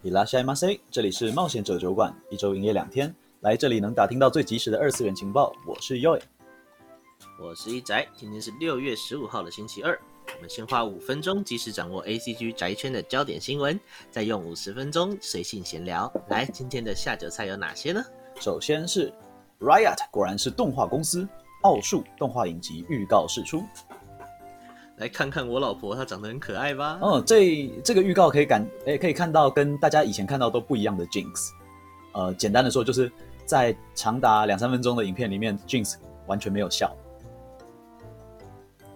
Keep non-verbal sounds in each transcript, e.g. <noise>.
你拉什艾馬塞，這裡是冒險者酒館，一周營業兩天，來這裡能打聽到最及時的二次元情報。我是 Yoy，我是一宅，今天是六月十五號的星期二，我們先花五分鐘即時掌握 ACG 宅圈的焦點新聞，再用五十分鐘隨性閒聊。來，今天的下酒菜有哪些呢？首先是 Riot，果然是動畫公司，奧術動畫影集預告釋出。來看看我老婆，她長得很可愛吧。哦，這這個預告可以感，哎，可以看到跟大家以前看到都不一樣的 Jinx。呃，簡單的說，就是在長達兩三分鐘的影片裡面，Jinx 完全沒有笑，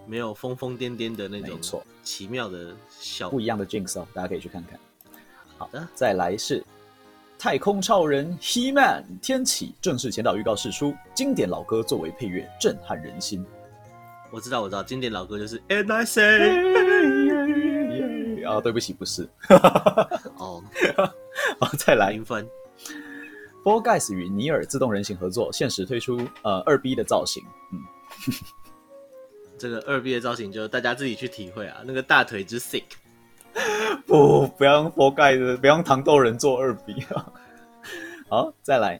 沒有瘋瘋癲癲的那種沒錯，奇妙的笑，不一樣的 Jinx 哦，大家可以去看看。好的，再來是太空超人 He-Man 天啟正式前導預告釋出，經典老歌作為配樂，震撼人心。我知道，我知道，經典老歌就是 And I say，啊，對不起，不是，哦， <laughs> <laughs> 好，再來一分 Fall Guys 與尼爾自動人形合作，限時推出呃二 B 的造型。嗯， <laughs> 這個二 B 的造型就大家自己去體會啊。那個大腿之 sick <laughs> 不，不要用 Fall Guys，不要用糖豆人做二 B 啊。 <laughs> 好，再來，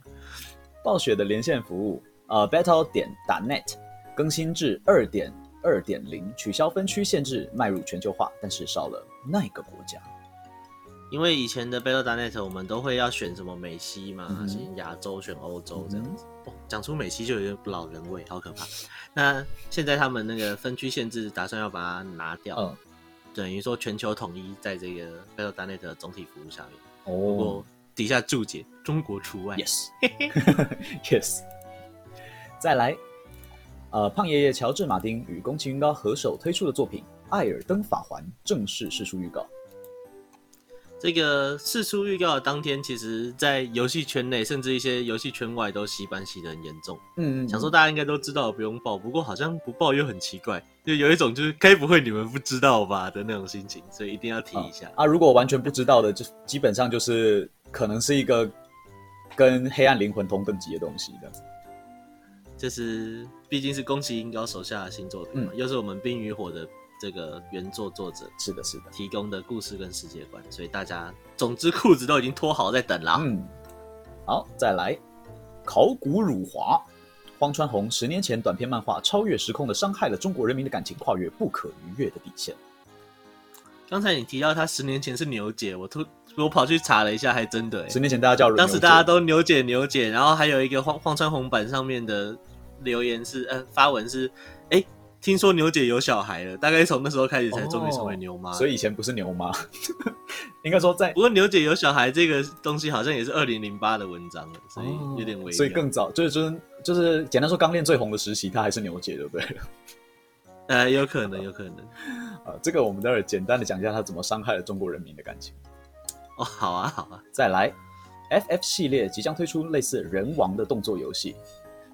暴雪的連線服務，呃、uh,，Battle 點打 Net。更新至二點二點零，取消分區限制，邁入全球化，但是少了那個國家。因為以前的 Battle.net 我們都會要選什麼美西嘛，嗯、哼是亞洲，選歐洲這樣子。講、嗯哼哦、出美西就有點老人味，好可怕。 <laughs> 那現在他們那個分區限制打算要把它拿掉，嗯、等於說全球統一在這個 Battle.net 的總體服務下面。哦。底下注解，中國除外。Yes。 <laughs> Yes。再來。呃，胖爺爺喬治馬丁與宮崎英高合手推出的作品《艾爾登法環》正式釋出預告。這個釋出預告的當天，其實在遊戲圈內，甚至一些遊戲圈外都洗版洗的很嚴重。嗯嗯，想說大家應該都知道，不用報。不過好像不報又很奇怪，就有一種就是該不會你們不知道吧的那種心情，所以一定要提一下、嗯、啊。如果完全不知道的，就基本上就是可能是一個跟《黑暗靈魂》同等級的東西的。就是畢竟是宮崎英高手下的新作品嘛，嗯、又是我們《冰與火》的這個原作作者，是的，是的，提供的故事跟世界觀，所以大家總之褲子都已經脫好，在等了、啊嗯。好，再來考古辱華，荒川弘十年前短篇漫畫超越時空的傷害了中國人民的感情，跨越不可逾越的底線。剛才你提到他十年前是牛姐，我突我跑去查了一下，還真的、欸，十年前大家叫當時大家都牛姐牛姐，然後還有一個荒荒川弘版上面的。留言是，呃，發文是，哎、欸，聽說牛姐有小孩了，大概從那時候開始才終於成為牛媽、哦，所以以前不是牛媽， <laughs> 應該說在。不過牛姐有小孩這個東西好像也是二零零八的文章了，所以有點微妙、哦。所以更早就是說就是、就是、簡單說剛練最紅的時期，她還是牛姐對，對不對？呃，有可能，有可能。這個我們待會兒簡單的講一下她怎麼傷害了中國人民的感情。哦，好啊，好啊，再來。FF 系列即將推出類似仁王的動作遊戲。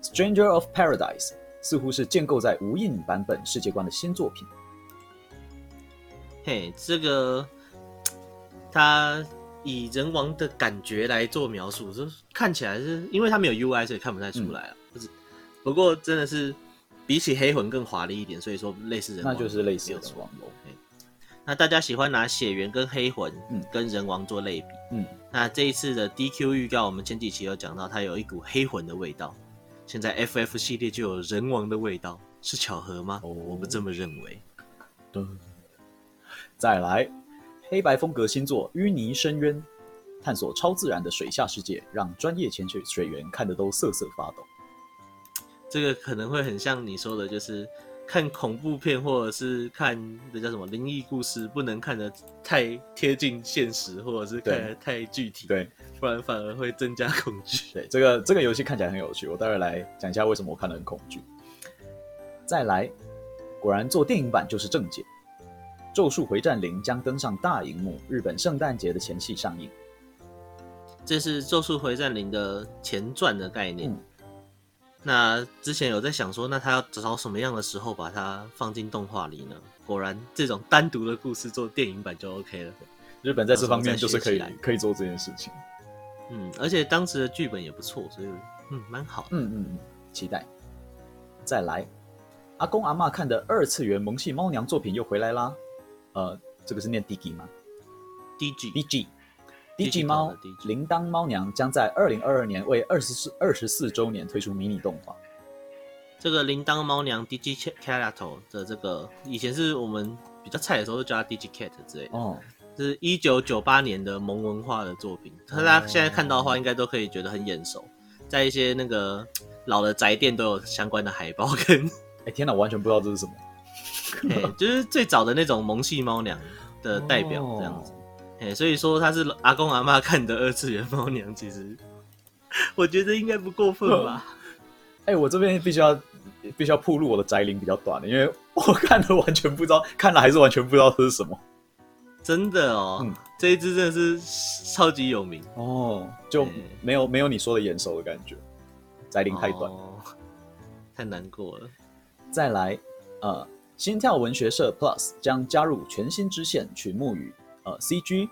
《Stranger of Paradise》似乎是建構在無印版本世界觀的新作品。嘿，這個他以仁王的感覺來做描述，就看起來是，因為它沒有 UI，所以看不太出來，啊嗯，不是，不過真的是比起黑魂更華麗一點，所以說類似仁王，那就是類似仁王嘍。那大家喜歡拿血緣跟黑魂，嗯，跟仁王做類比。嗯，那這一次的 DQ 預告，我們前幾期有講到，它有一股黑魂的味道。現在 FF 系列就有仁王的味道，是巧合嗎？Oh. 我不這麼認為。對、嗯，再來，黑白風格新作《淤泥深淵》，探索超自然的水下世界，讓專業潛水水員看得都瑟瑟發抖。這個可能會很像你說的，就是。看恐怖片或者是看這叫什麼靈異故事，不能看得太貼近現實，或者是看得太具體，對，不然反而會增加恐懼。對，這個這個遊戲看起來很有趣，我待會來講一下為什麼我看得很恐懼。再來，果然做電影版就是正解，《咒術回戰》零將登上大熒幕，日本聖誕節的前夕上映。這是《咒術回戰》零的前傳的概念。嗯那之前有在想說，那他要找什麼樣的時候把它放進動畫裡呢？果然，這種單獨的故事做電影版就 OK 了。日本在這方面就是可以來可以做這件事情。嗯，而且當時的劇本也不錯，所以嗯，蠻好的。嗯嗯，期待再來。阿公阿嬤看的二次元萌系貓娘作品又回來啦。呃，這個是念 Digi 嗎？Digi，Digi。DJ 貓鈴鐺貓娘將在二零二二年為二十四二十四周年推出迷你動畫。這個鈴鐺貓娘 Digi Charat、er、的這個，以前是我們比較菜的時候都叫它 Digi Cat 之類的哦，是一九九八年的萌文化的作品。大家現在看到的話，應該都可以覺得很眼熟，在一些那個老的宅店都有相關的海報跟……哎，天吶，我完全不知道這是什麼。 <laughs> 就是最早的那種萌系貓娘的代表，哦、這樣子。哎、欸，所以說他是阿公阿嬤看的二次元貓娘，其實我覺得應該不過分吧。哎、嗯欸，我這邊必須要必須要曝露，我的宅齡比較短，因為我看了完全不知道，看了還是完全不知道這是什麼。真的哦，嗯、這一隻真的是超級有名哦，就沒有、欸、沒有你說的眼熟的感覺，宅齡太短了、哦，太難過了。再來，呃，心跳文學社 Plus 將加入全新支線群木語。呃、CG，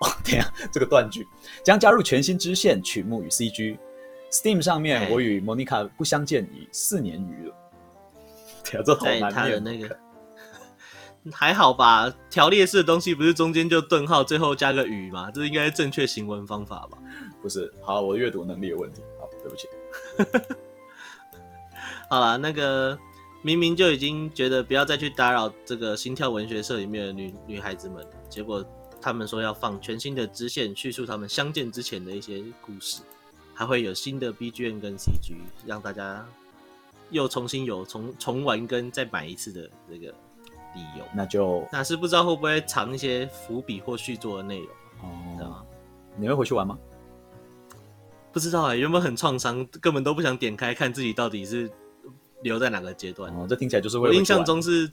哦，天，這個斷句將加入全新支線曲目與 C G，Steam 上面我與 Monica 不相見已、欸、四年餘了，天，這好難念。欸、他的那個還好吧？條列式的東西不是中間就頓號，最後加個與嗎？這是應該是正確行文方法吧？不是，好，我閱讀能力有問題，好，對不起。 <laughs> 好了，那個明明就已經覺得不要再去打擾這個心跳文學社裡面的女女孩子們。結果他們說要放全新的支線，敘述他們相見之前的一些故事，還會有新的 BGM 跟 CG，讓大家又重新有重重玩跟再買一次的這個理由。那就那是不知道會不會藏一些伏筆或續作的內容哦。是嗎？你會回去玩嗎？不知道啊、欸，原本很創傷，根本都不想點開看自己到底是留在哪個階段。哦，這聽起來就是會。我印象中是。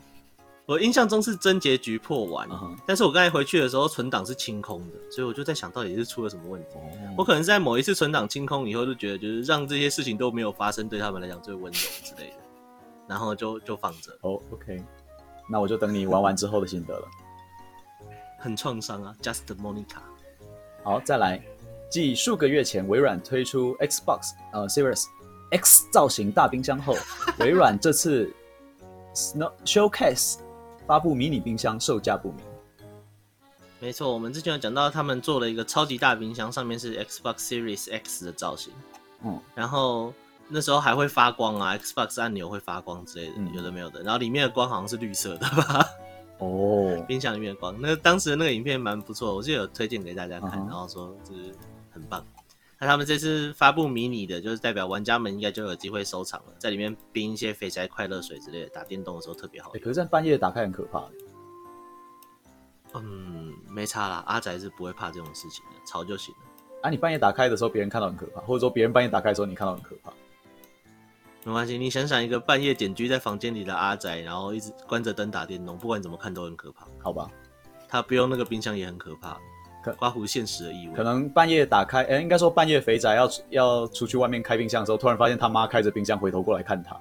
我印象中是真結局破完，uh huh. 但是我剛才回去的時候，存檔是清空的，所以我就在想到底是出了什麼問題。Oh. 我可能在某一次存檔清空以後就覺得，就是讓這些事情都沒有發生，對他們來講最溫柔之類的， <laughs> 然後就就放着。哦、oh，OK，那我就等你玩完之後的心得了。 <laughs> 很創傷啊，Just Monica。好，再來。繼數個月前微軟推出 Xbox、呃、Series X 造型大冰箱後，微軟這次 Showcase、no。Show <laughs> 發布迷你冰箱，售價不明。沒錯，我們之前有講到，他們做了一個超級大冰箱，上面是 Xbox Series X 的造型。嗯、然後那時候還會發光啊，Xbox 按鈕會發光之類的，嗯、有的沒有的。然後裡面的光好像是綠色的吧？哦，冰箱裡面的光，那當時的那個影片蠻不錯，我就有推薦給大家看，嗯哼，然後說就是很棒。那他們這次發布迷你的，就是代表玩家們應該就有機會收藏了，在裡面冰一些肥宅快樂水之類的，打電動的時候特別好。欸，可是在半夜打開很可怕欸。嗯，沒差啦，阿宅是不會怕這種事情的，潮就行了。啊，你半夜打開的時候別人看到很可怕，或者說別人半夜打開的時候你看到很可怕，沒關係。你想想一個半夜隱居在房間裡的阿宅，然後一直關着燈打電動，不管怎麼看都很可怕。好吧，他不用那個冰箱也很可怕。刮胡現實的意味，可能半夜打開，哎、欸，應該說半夜肥宅要要出去外面開冰箱的時候，突然發現他媽開着冰箱回頭過來看他，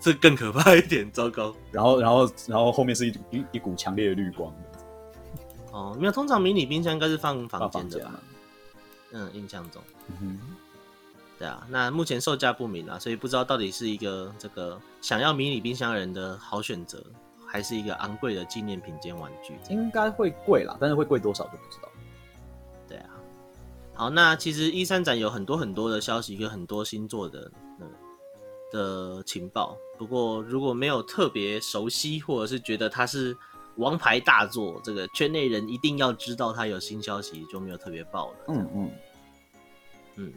這更可怕一點，糟糕。然後，然後，然後後面是一一一股強烈的綠光。哦，沒有，通常迷你冰箱應該是放房間的吧？啊、嗯，印象中。嗯哼，對啊，那目前售價不明啊，所以不知道到底是一個這個想要迷你冰箱的人的好選擇。還是一個昂貴的紀念品兼玩具，應該會貴啦，但是會貴多少就不知道。對啊，好，那其實 E3 展有很多很多的消息，有很多新作的、嗯、的情報。不過如果沒有特別熟悉，或者是覺得它是王牌大作，這個圈內人一定要知道他有新消息，就沒有特別報了。嗯嗯嗯，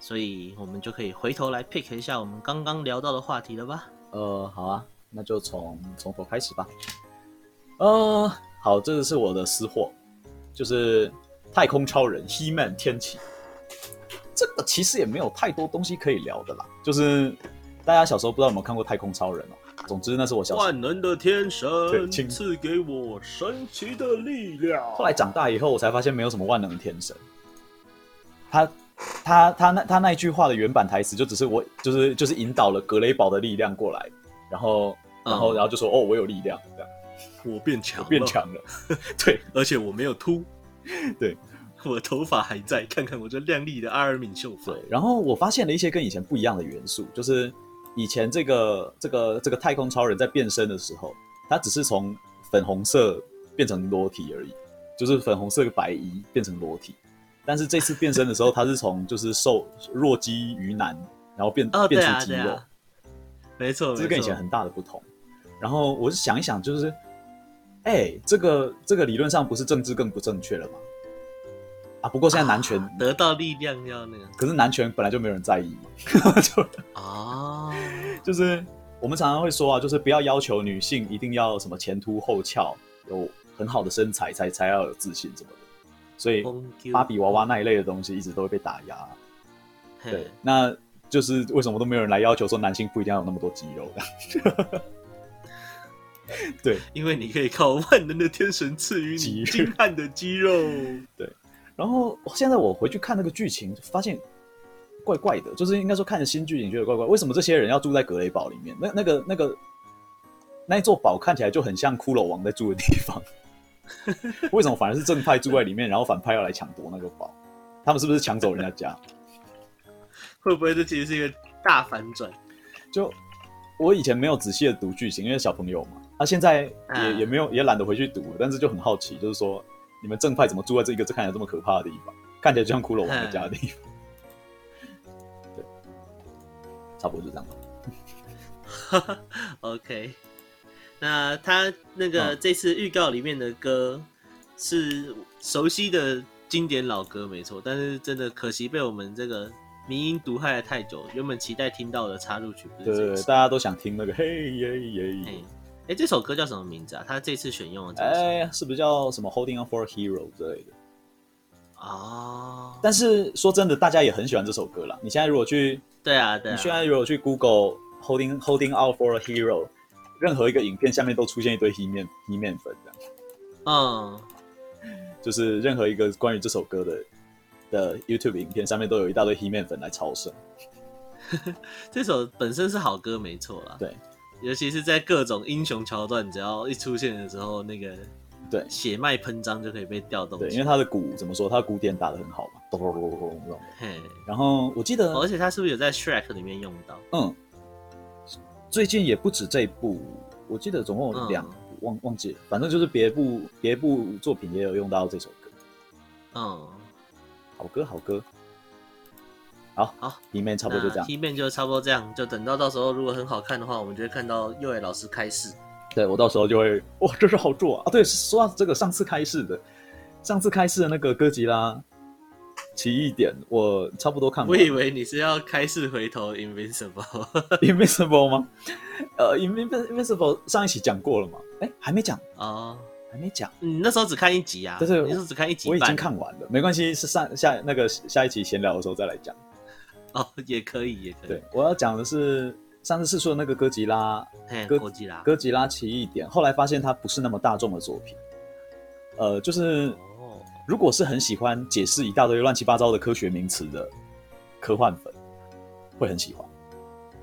所以我們就可以回頭來 pick 一下我們剛剛聊到的話題了吧？呃，好啊。那就從從頭開始吧。嗯、uh,，好，這個是我的私貨，就是《太空超人》He-Man 天啟。這個其實也沒有太多東西可以聊的啦，就是大家小時候不知道有沒有看過《太空超人》哦，總之，那是我小時候萬能的天神請賜給我神奇的力量。後來長大以後，我才發現沒有什麼萬能的天神。他他他那他那一句話的原版台詞，就只是我就是就是引導了格雷堡的力量過來。然後，然後、嗯，然後就說：“哦，我有力量，這樣，我變強了，我變強了，對，而且我沒有禿，對，我頭髮還在，看看我這靚麗的阿爾敏秀髮對。然後我發現了一些跟以前不一樣的元素，就是以前這個這個這個太空超人在變身的時候，他只是從粉紅色變成裸體而已，就是粉紅色的白衣變成裸體。但是這次變身的時候， <laughs> 他是從就是瘦弱雞魚腩，然後變、哦、變出肌肉。啊”沒錯，這是跟以前很大的不同。然後我是想一想，就是，哎、欸，這個這個理論上不是政治更不正確了嗎？啊，不過現在男權、啊、得到力量要那個，可是男權本來就沒有人在意， <laughs> 就啊，哦、就是我們常常會說啊，就是不要要求女性一定要什麼前凸後翹，有很好的身材才才要有自信什麼的，所以休芭比娃娃那一類的東西一直都會被打壓。嘿對，那。就是為什麼都沒有人來要求說男性不一定要有那麼多肌肉的？ <laughs> 對，因為你可以靠萬能的天神賜予你精悍的肌肉。肌肉。對，然後現在我回去看那個劇情，發現怪怪的，就是應該說看着新劇情覺得怪怪，為什麼這些人要住在格雷堡裡面？那那個那個那一座堡看起來就很像骷髏王在住的地方， <laughs> 為什麼反而是正派住在裡面，然後反派要來搶奪那個堡？他們是不是搶走人家家？ <laughs> 會不會這其實是一個大反轉？就我以前沒有仔細的讀劇情，因為小朋友嘛，他、啊、現在也、啊、也沒有也懶得回去讀了，但是就很好奇，就是說你們正派怎麼住在這一個這看起來這麼可怕的地方？看起來就像骷髏王的家的地方，唉對，差不多就這樣吧。 <laughs> OK，那他那個這次預告裡面的歌、嗯、是熟悉的經典老歌，沒錯，但是真的可惜被我們這個。民音毒害了太久，原本期待聽到的插入曲對，對，對，大家都想聽那個嘿耶耶耶。哎，這首歌叫什麼名字啊？他這次選用的哎，是不是叫什麼 Holding Out for a Hero 這類的啊？哦、但是說真的，大家也很喜歡這首歌啦。你現在如果去對啊，對啊，你現在如果去 Google Holding Holding Out for a Hero，任何一個影片下面都出現一堆黑面黑面粉這樣。嗯，就是任何一個關於這首歌的。的 YouTube 影片上面都有一大堆 He-Man 粉來朝聖。這首本身是好歌沒啦，沒錯了。對，尤其是在各種英雄橋段，只要一出現的時候，那個對，血脈噴張就可以被調動。對，因為他的鼓怎麼說，他鼓點打得很好嘛，咚嘿，然後我記得，哦、而且他是不是有在 Shrek 裡面用到？嗯，最近也不止這一部，我記得總共有兩部，嗯，忘忘記了，反正就是別部別部作品也有用到這首歌。嗯。好歌,好歌，好歌，好好，He-Man 差不多就這樣，He-Man< 那>、e、就差不多這樣，就等到到時候如果很好看的話，我們就會看到右偉老師開始。對，我到時候就會，哇，這是好做啊！啊對，說到這個，上次開始的，上次開始的那個哥吉拉。奇異點，我差不多看完。我以為你是要開始回頭 Invincible，Invincible <laughs> Invincible 嗎？呃 Invincible 上一期講過了嘛？哎、欸，還沒講啊。Oh. 還沒講，你那時候只看一集啊？就是你是只看一集，我已經看完了，沒關係，是上下，下那個下一集閒聊的時候再來講。哦，也可以，也可以。對，我要講的是上次試出的那個哥吉拉，嘿哥、哥吉拉，哥吉拉奇異點，後來發現它不是那麼大眾的作品。呃，就是如果是很喜歡解釋一大堆亂七八糟的科學名詞的科幻粉，會很喜歡，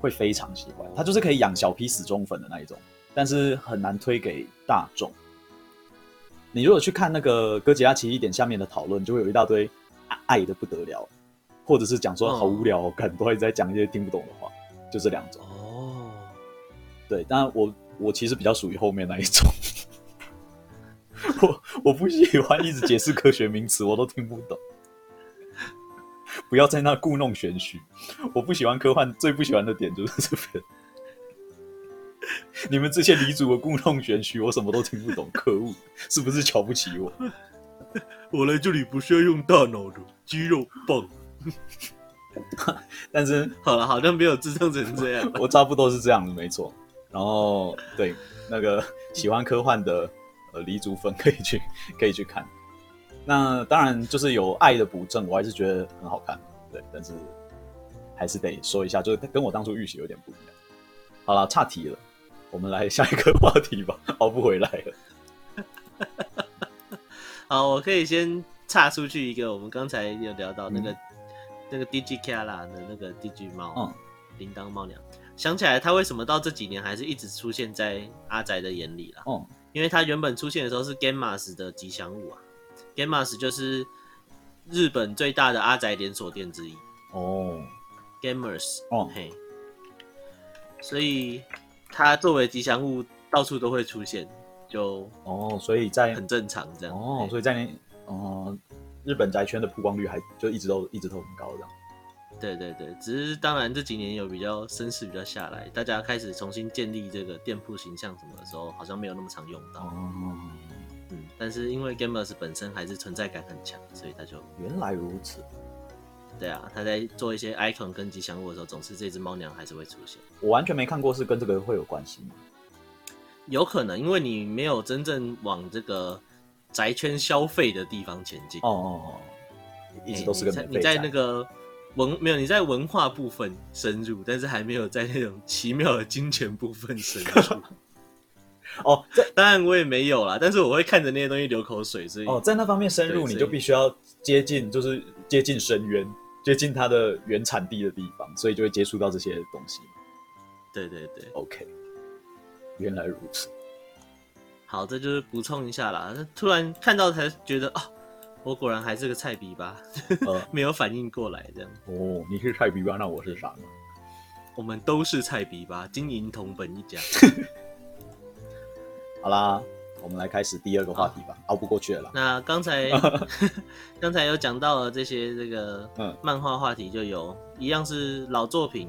會非常喜歡。它就是可以養小批死忠粉的那一種，但是很難推給大眾。你如果去看那個哥吉拉奇異點下面的討論，就會有一大堆、啊、愛得不得了，或者是講說好無聊、哦，很多、嗯、一直在講一些聽不懂的話，就這兩種。哦，對，當然我我其實比較屬於後面那一種， <laughs> 我我不喜歡一直解釋科學名詞， <laughs> 我都聽不懂， <laughs> 不要在那故弄玄虛， <laughs> 我不喜歡科幻，最不喜歡的點就是這邊。 <laughs> 你們這些理組的故弄玄虛，我什麼都聽不懂， <laughs> 可惡！是不是瞧不起我？我來這裡不是要用大腦的肌肉棒。 <laughs> <laughs> 但是好了，好像沒有智障成這樣。我差不多都是這樣的，沒錯。然後對那個喜歡科幻的呃理組粉可以去可以去看。那當然就是有愛的補正，我還是覺得很好看。對，但是還是得說一下，就是跟我當初預習有點不一樣。好了，岔題了。我們來下一個話題吧，熬不回來了。 <laughs> 好，我可以先岔出去一個，我們剛才有聊到那個、嗯、那個 D G Kala 的那個 D G 貓、嗯，鈴鐺貓娘。想起來，它為什麼到這幾年還是一直出現在阿宅的眼裡了？哦、嗯，因為它原本出現的時候是 Gamers 的吉祥物啊，Gamers 就是日本最大的阿宅連鎖店之一。哦，Gamers、嗯、哦嘿，所以。它作為吉祥物到處都會出現，就很正常這樣哦，所以在很正常這樣哦，所以在哦、呃，日本宅圈的曝光率還就一直都一直都很高這樣，對對對，只是當然這幾年有比較聲勢比較下來，大家開始重新建立這個店鋪形象什麼的時候，好像沒有那麼常用到哦，嗯，嗯，但是因為 Gamers 本身還是存在感很強，所以它就原來如此。對啊，他在做一些 icon 跟吉祥物的時候，總是這只貓娘還是會出現。我完全沒看過，是跟這個人會有關係嗎？有可能，因為你沒有真正往這個宅圈消費的地方前進哦。哦哦，一直都是個宅、欸、你在，你在那個文，沒有你在文化部分深入，但是還沒有在那種奇妙的金錢部分深入。 <laughs> 哦，在當然我也沒有啦，但是我會看着那些東西流口水。所以哦，在那方面深入，你就必須要接近，就是接近深淵。就接近它的原產地的地方，所以就會接觸到這些東西。對對對，OK，原來如此。好，這就是補充一下啦。突然看到才覺得哦，我果然還是個菜逼吧，呃、沒有反應過來這樣。哦，你是菜逼吧？那我是啥呢？我們都是菜逼吧，金銀銅本一家。 <laughs> 好啦。我們來開始第二個話題吧，熬、哦、不過去了那剛才 <laughs> 剛才有講到了這些這個漫畫話題，就有、嗯、一樣是老作品。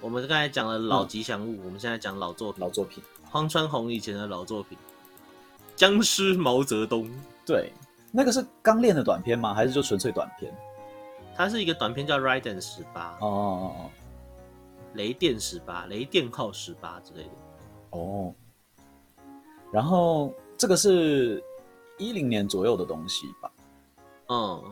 我們剛才講了老吉祥物，嗯、我們現在講老作品。老作品，荒川弘以前的老作品《僵屍毛澤東》。對，那個是剛練的短片嗎？還是就純粹短片？它是一個短片，叫《Riden 十八》。哦哦哦哦，雷電十八，雷電號十八之類的。哦。然後這個是一零年左右的東西吧，嗯，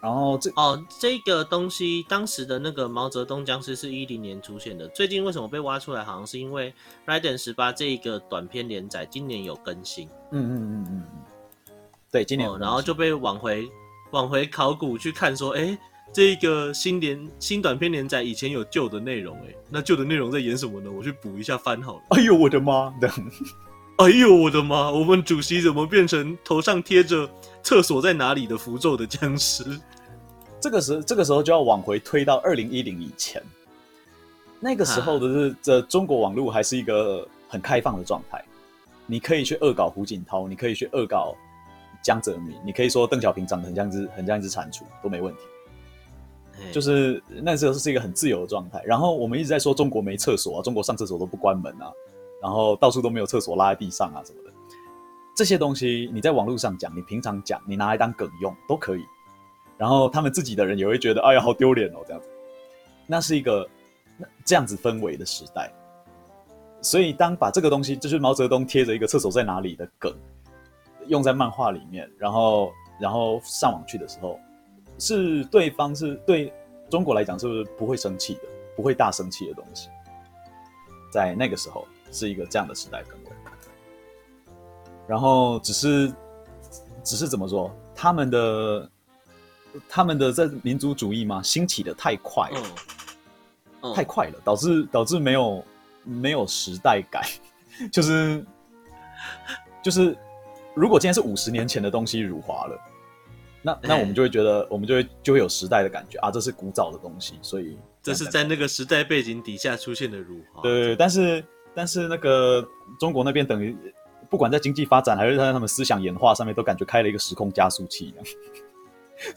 然後這哦，這個東西當時的那個毛澤東僵屍是一零年出現的。最近為什麼被挖出來？好像是因為《Raiden 十八》這一個短篇連載今年有更新，嗯嗯嗯嗯嗯，對，今年有、哦，然後就被往回往回考古去看，說，哎，這個新連新短篇連載以前有舊的內容，哎，那舊的內容在演什麼呢？我去補一下番好了。哎呦我的媽的！哎呦我的媽！我們主席怎麼變成頭上貼着“廁所在哪裡”的符咒的僵屍？這個時，這個時候就要往回推到二零一零以前。那個時候的是，啊、這中國網絡還是一個很開放的狀態，你可以去惡搞胡錦濤，你可以去惡搞江澤民，你可以說鄧小平長得很像一只很像一只蟾蜍都沒問題。就是那時候是一個很自由的狀態。然後我們一直在說中國沒廁所啊，中國上廁所都不關門啊。然後到處都沒有廁所，拉在地上啊什麼的，這些東西你在網絡上講，你平常講，你拿來當梗用都可以。然後他們自己的人也會覺得，哎呀，好丟臉哦，這樣子。那是一個這樣子氛圍的時代，所以當把這個東西，就是毛澤東貼着一個廁所在哪裡的梗，用在漫畫裡面，然後然後上網去的時候，是對方是對中國來講，是不是不會生氣的，不會大生氣的東西，在那個時候。是一個這樣的時代氛圍，然後只是只是怎麼說？他們的他們的在民族主義嘛興起的太快了，哦哦、太快了，導致導致沒有沒有時代感， <laughs> 就是就是，如果今天是五十年前的東西辱華了，那那我們就會覺得、哎、我們就會就會有時代的感覺啊，這是古早的東西，所以這是在那個時代背景底下出現的辱華，對對，但是。但是那個中國那邊等於不管在經濟發展還是在他們思想演化上面，都感覺開了一個時空加速器一樣。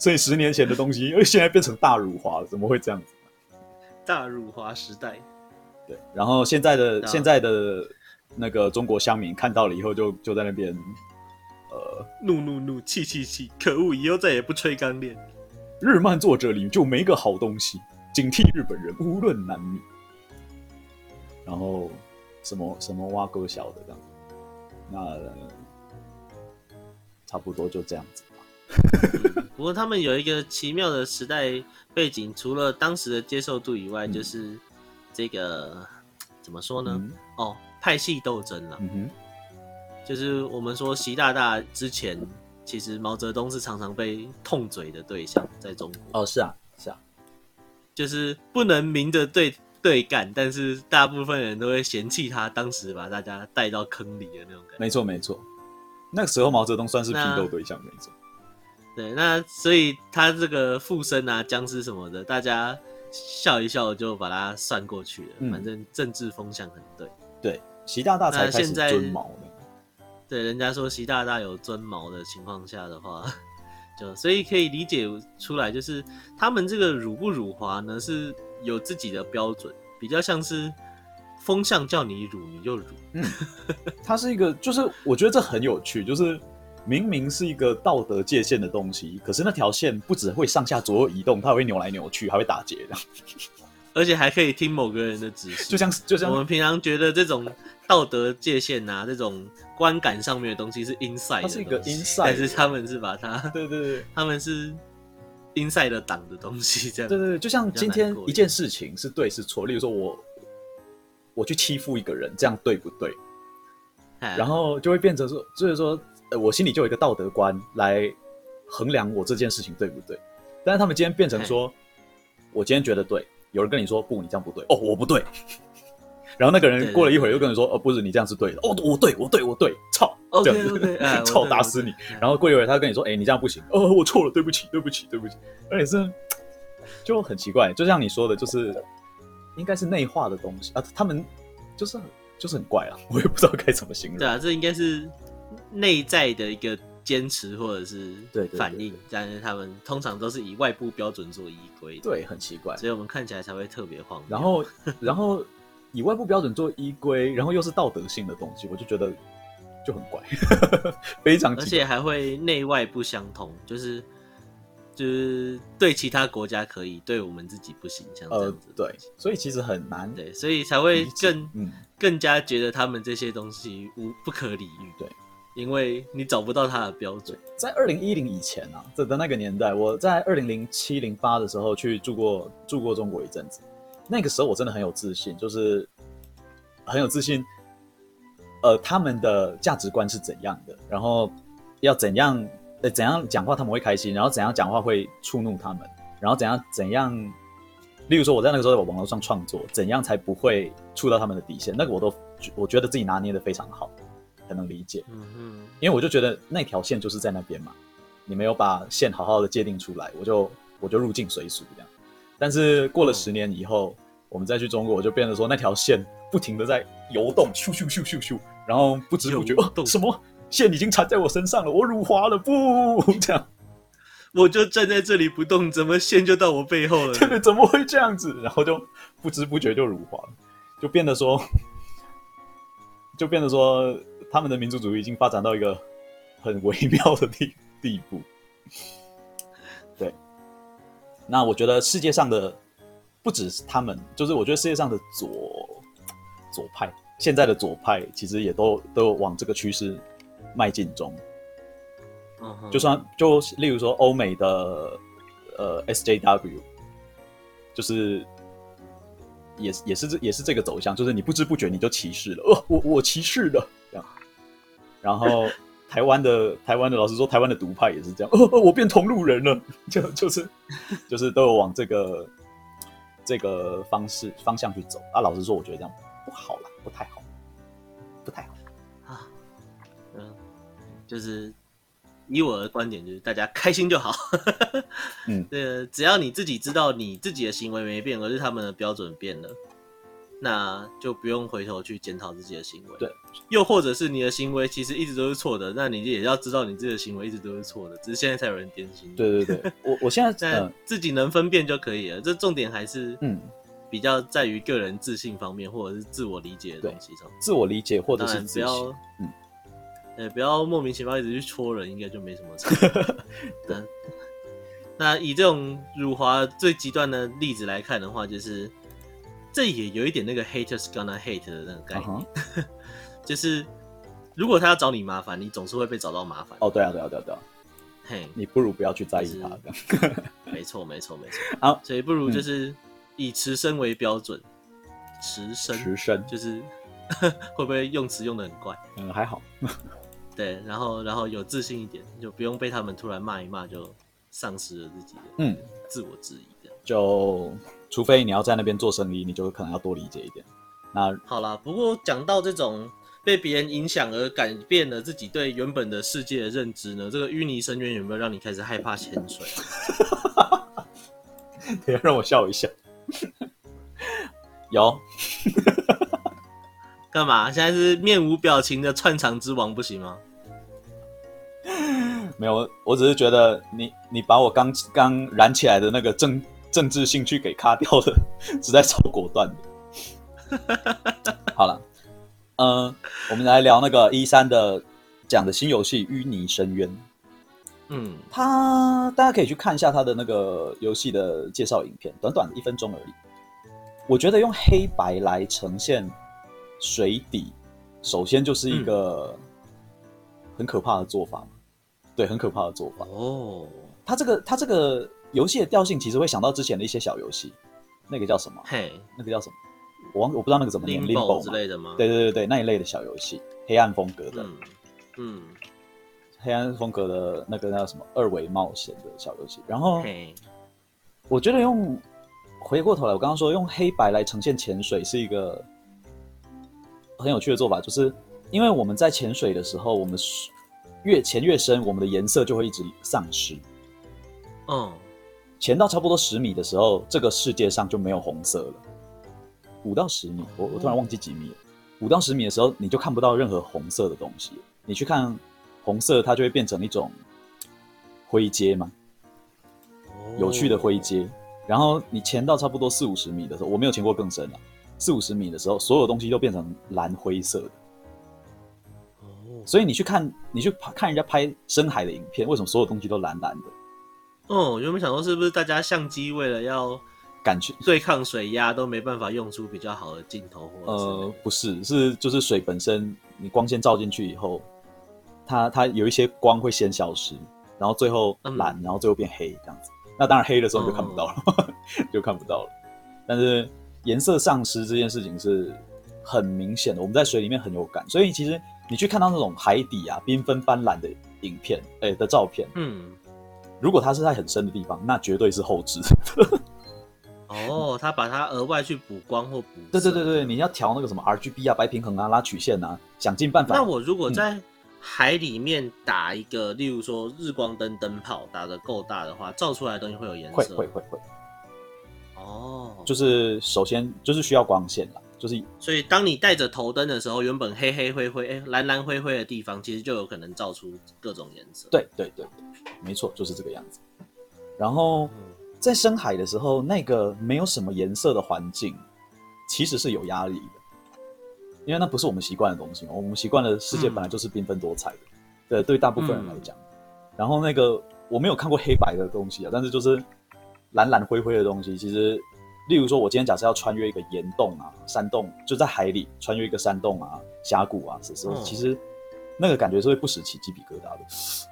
<laughs> 所以十年前的東西，因為現在變成大辱華了，怎麼會這樣子？大辱華時代。對，然後現在的後現在的那個中國鄉民看到了以後就，就就在那邊，呃，怒怒怒，氣氣氣，可惡！以後再也不吹鋼鍊。日漫作者裡就沒個好東西，警惕日本人，無論男女。然後。什麼什麼挖溝小的這樣那差不多就這樣子吧。 <laughs> 不過他們有一個奇妙的時代背景，除了當時的接受度以外，嗯、就是這個怎麼說呢？嗯、哦，派系鬥爭了、啊。嗯、哼就是我們說習大大之前，其實毛澤東是常常被痛嘴的對象，在中國。哦，是啊，是啊，就是不能明着對。對幹，但是大部分人都會嫌棄他，當時把大家帶到坑裡的那種感覺。沒錯，沒錯。那個時候毛澤東算是批鬥對象，那，沒錯。對，那所以他這個附身啊、殭屍什麼的，大家笑一笑就把他算過去了。嗯、反正政治風向很對。對，習大大才開始現在尊毛。對，人家說習大大有尊毛的情況下的話，就所以可以理解出來，就是他們這個辱不辱華呢是有自己的標準，比較像是風向叫你辱你就辱。嗯，它是一個，就是我覺得這很有趣，就是明明是一個道德界限的東西，可是那條線不只會上下左右移動，它還會扭來扭去，還會打結的，而且還可以聽某個人的指示。就像就像我們平常覺得這種道德界限吶、啊， <laughs> 這種觀感上面的東西是 inside，它是一個 inside，但是他們是把它對對對，他們是。因賽的黨的東西這樣對，對對，就像今天一件事情是對是錯，例如說我我去欺負一個人，這樣對不對？嘿然後就會變成說，就，就是說、呃，我心裡就有一個道德觀來衡量我這件事情對不對。但是他們今天變成說，嘿我今天覺得對，有人跟你說不，你這樣不對哦，我不對。然後那個人過了一會兒又跟你說：“對對對對哦，不是你這樣是對的對對對哦，我對我對我對，操，這樣子， <laughs> 操，打死你！”然後過一會兒他跟你說：“哎，你這樣不行哦，我錯了，對不起，對不起，對不起。”而且是就很奇怪，就像你說的，就是應該是內化的東西啊。他們就是就是很怪啊，我也不知道該怎麼形容。對啊，這應該是內在的一個堅持或者是反應，對對對對對，但是他們通常都是以外部標準做依歸，對，很奇怪，所以我們看起來才會特別慌。然後，然後。 <laughs> 以外部標準做依歸，然後又是道德性的東西，我就覺得就很怪， <laughs> 非常。而且還會內外不相通，就是就是對其他國家可以，對我們自己不行，像這樣子、呃。對，所以其實很難，對，所以才會更、嗯、更加覺得他們這些東西無不可理喻，對，因為你找不到他的標準。在二零一零以前啊，在那個年代，我在二零零七零八的時候去住過，住過中國一陣子。那個時候我真的很有自信，就是很有自信。呃，他們的價值觀是怎樣的？然後要怎樣呃怎樣講話他們會開心？然後怎樣講話會觸怒他們？然後怎樣怎樣？例如說我在那個時候在網絡上創作，怎樣才不會觸到他們的底線？那個我都我覺得自己拿捏的非常好，才能理解。嗯嗯哼，因為我就覺得那條線就是在那邊嘛，你沒有把線好好的界定出來，我就我就入境隨俗這樣。但是過了十年以後。嗯我們再去中國，我就變得說那條線不停地在游動，咻咻咻咻咻，然後不知不覺，動哦、什麼線已經纏在我身上了，我辱華了，不這樣，我就站在這裡不動，怎麼線就到我背後了？對，怎麼會這樣子？然後就不知不覺就辱華了，就變得說，就變得說，他們的民族主義已經發展到一個很微妙的地地步。對， <laughs> 那我覺得世界上的。不只是他們，就是我覺得世界上的左左派，現在的左派其實也都都有往這個趨勢邁進中。嗯、哼就算就例如說歐美的呃 SJW，就是也也是這也是這個走向，就是你不知不覺你就歧視了，哦，我我歧視了這樣。然後台灣的 <laughs> 台灣的老師說，台灣的獨派也是這樣哦，哦，我變同路人了，就就是就是都有往這個。這個方式方向去走啊。老實說，我覺得這樣不好啦，不太好，不太好，啊、嗯，就是以我的觀點，就是大家開心就好。 <laughs> 嗯，只要你自己知道你自己的行為沒變，而是他們的標準變了。那就不用回頭去檢討自己的行為，對。又或者是你的行為其實一直都是錯的，那你也要知道你自己的行為一直都是錯的，只是現在才有人點醒你。對對對，我我現在在、呃、自己能分辨就可以了。這重點還是嗯，比較在於個人自信方面，或者是自我理解的東西上。自我理解，或者是自信不要嗯、欸，不要莫名其妙一直去戳人，應該就沒什麼差。 <laughs> 對。那以這種辱華最極端的例子來看的話，就是。這也有一點那個 haters gonna hate 的那個概念、uh，huh. <laughs> 就是如果他要找你麻煩，你總是會被找到麻煩。哦，oh, 對啊，對啊，對啊，對啊，嘿，你不如不要去在意他這樣 <laughs> 沒錯，沒錯，沒錯。好、啊，所以不如就是以持身為標準，持身，持身，就是 <laughs> 會不會用詞用得很怪？嗯，還好。 <laughs> 對，然後，然後有自信一點，就不用被他們突然罵一罵，就喪失了自己的嗯自我質疑就除非你要在那邊做生意，你就可能要多理解一點。那好了，不過講到這種被別人影響而改變了自己對原本的世界的認知呢，這個淤泥深淵有沒有讓你開始害怕潛水？ <laughs> 等下讓我笑一笑， <laughs> 有。 <laughs> 幹嘛？現在是面無表情的串場之王不行嗎？沒有，我只是覺得你你把我剛剛燃起來的那個正。政治興趣給卡掉了，實在超果斷的。斷的 <laughs> 好了，嗯，我們來聊那個 E3 的講的新遊戲《淤泥深淵》。嗯，他大家可以去看一下他的那個遊戲的介紹影片，短短的一分鐘而已。我覺得用黑白來呈現水底，首先就是一個很可怕的做法，嗯、對，很可怕的做法。哦，他這個，他這個。遊戲的調性其實會想到之前的一些小遊戲，那個叫什麼？嘿，Hey. 那個叫什麼？我忘，我不知道那個怎麼念。Limbo 嘛之類的嗎？對對對對，那一類的小遊戲，黑暗風格的。嗯，嗯，黑暗風格的那個叫什麼？二維冒險的小遊戲。然後，Hey. 我覺得用回過頭來，我剛剛，我剛剛說用黑白來呈現潛水是一個很有趣的做法，就是因為我們在潛水的時候，我們越潛越深，我們的顏色就會一直喪失。嗯。Oh. 潛到差不多十米的時候，這個世界上就沒有紅色了。五到十米，我我突然忘記幾米了。五到十米的時候，你就看不到任何紅色的東西。你去看紅色，它就會變成一種灰階嘛，有趣的灰階。然後你潛到差不多四五十米的時候，我沒有潛過更深了。四五十米的時候，所有東西都變成藍灰色的。哦，所以你去看，你去拍，看人家拍深海的影片，為什麼所有東西都藍藍的？哦，有沒有想說是不是大家相機為了要趕去對抗水壓，都沒辦法用出比較好的鏡頭？呃，不是，是就是水本身，你光線照進去以後，它它有一些光會先消失，然後最後藍，然後最後變黑這樣子。嗯、那當然黑的時候就看不到了，哦、 <laughs> 就看不到了。但是顏色喪失這件事情是很明顯的，我們在水裡面很有感，所以其實你去看到那種海底啊繽紛斑斕的影片，哎、欸、的照片，嗯。如果它是在很深的地方，那絕對是後製。哦 <laughs> ，oh, 他把它額外去補光或補。 <laughs> 對對對對，你要調那個什麼 RGB 啊、白平衡啊、拉曲線啊，想盡辦法。那我如果在海裡面打一個，嗯、例如說日光燈燈泡打得夠大的話，照出來的東西會有顏色。會會會哦，oh. 就是首先就是需要光線的。就是，所以當你戴着頭燈的時候，原本黑黑灰灰、欸、藍藍灰灰的地方，其實就有可能照出各種顏色。對對對，沒錯，就是這個樣子。然後、嗯、在深海的時候，那個沒有什麼顏色的環境，其實是有壓力的，因為那不是我們習慣的東西嘛。我們習慣的世界本來就是繽紛多彩的，對、嗯、對，對大部分人來講。嗯、然後那個我沒有看過黑白的東西啊，但是就是藍藍灰灰的東西，其實。例如說，我今天假設要穿越一個岩洞啊，山洞就在海裡穿越一個山洞啊、峽谷啊是是，其實那個感覺是會不時起雞皮疙瘩的，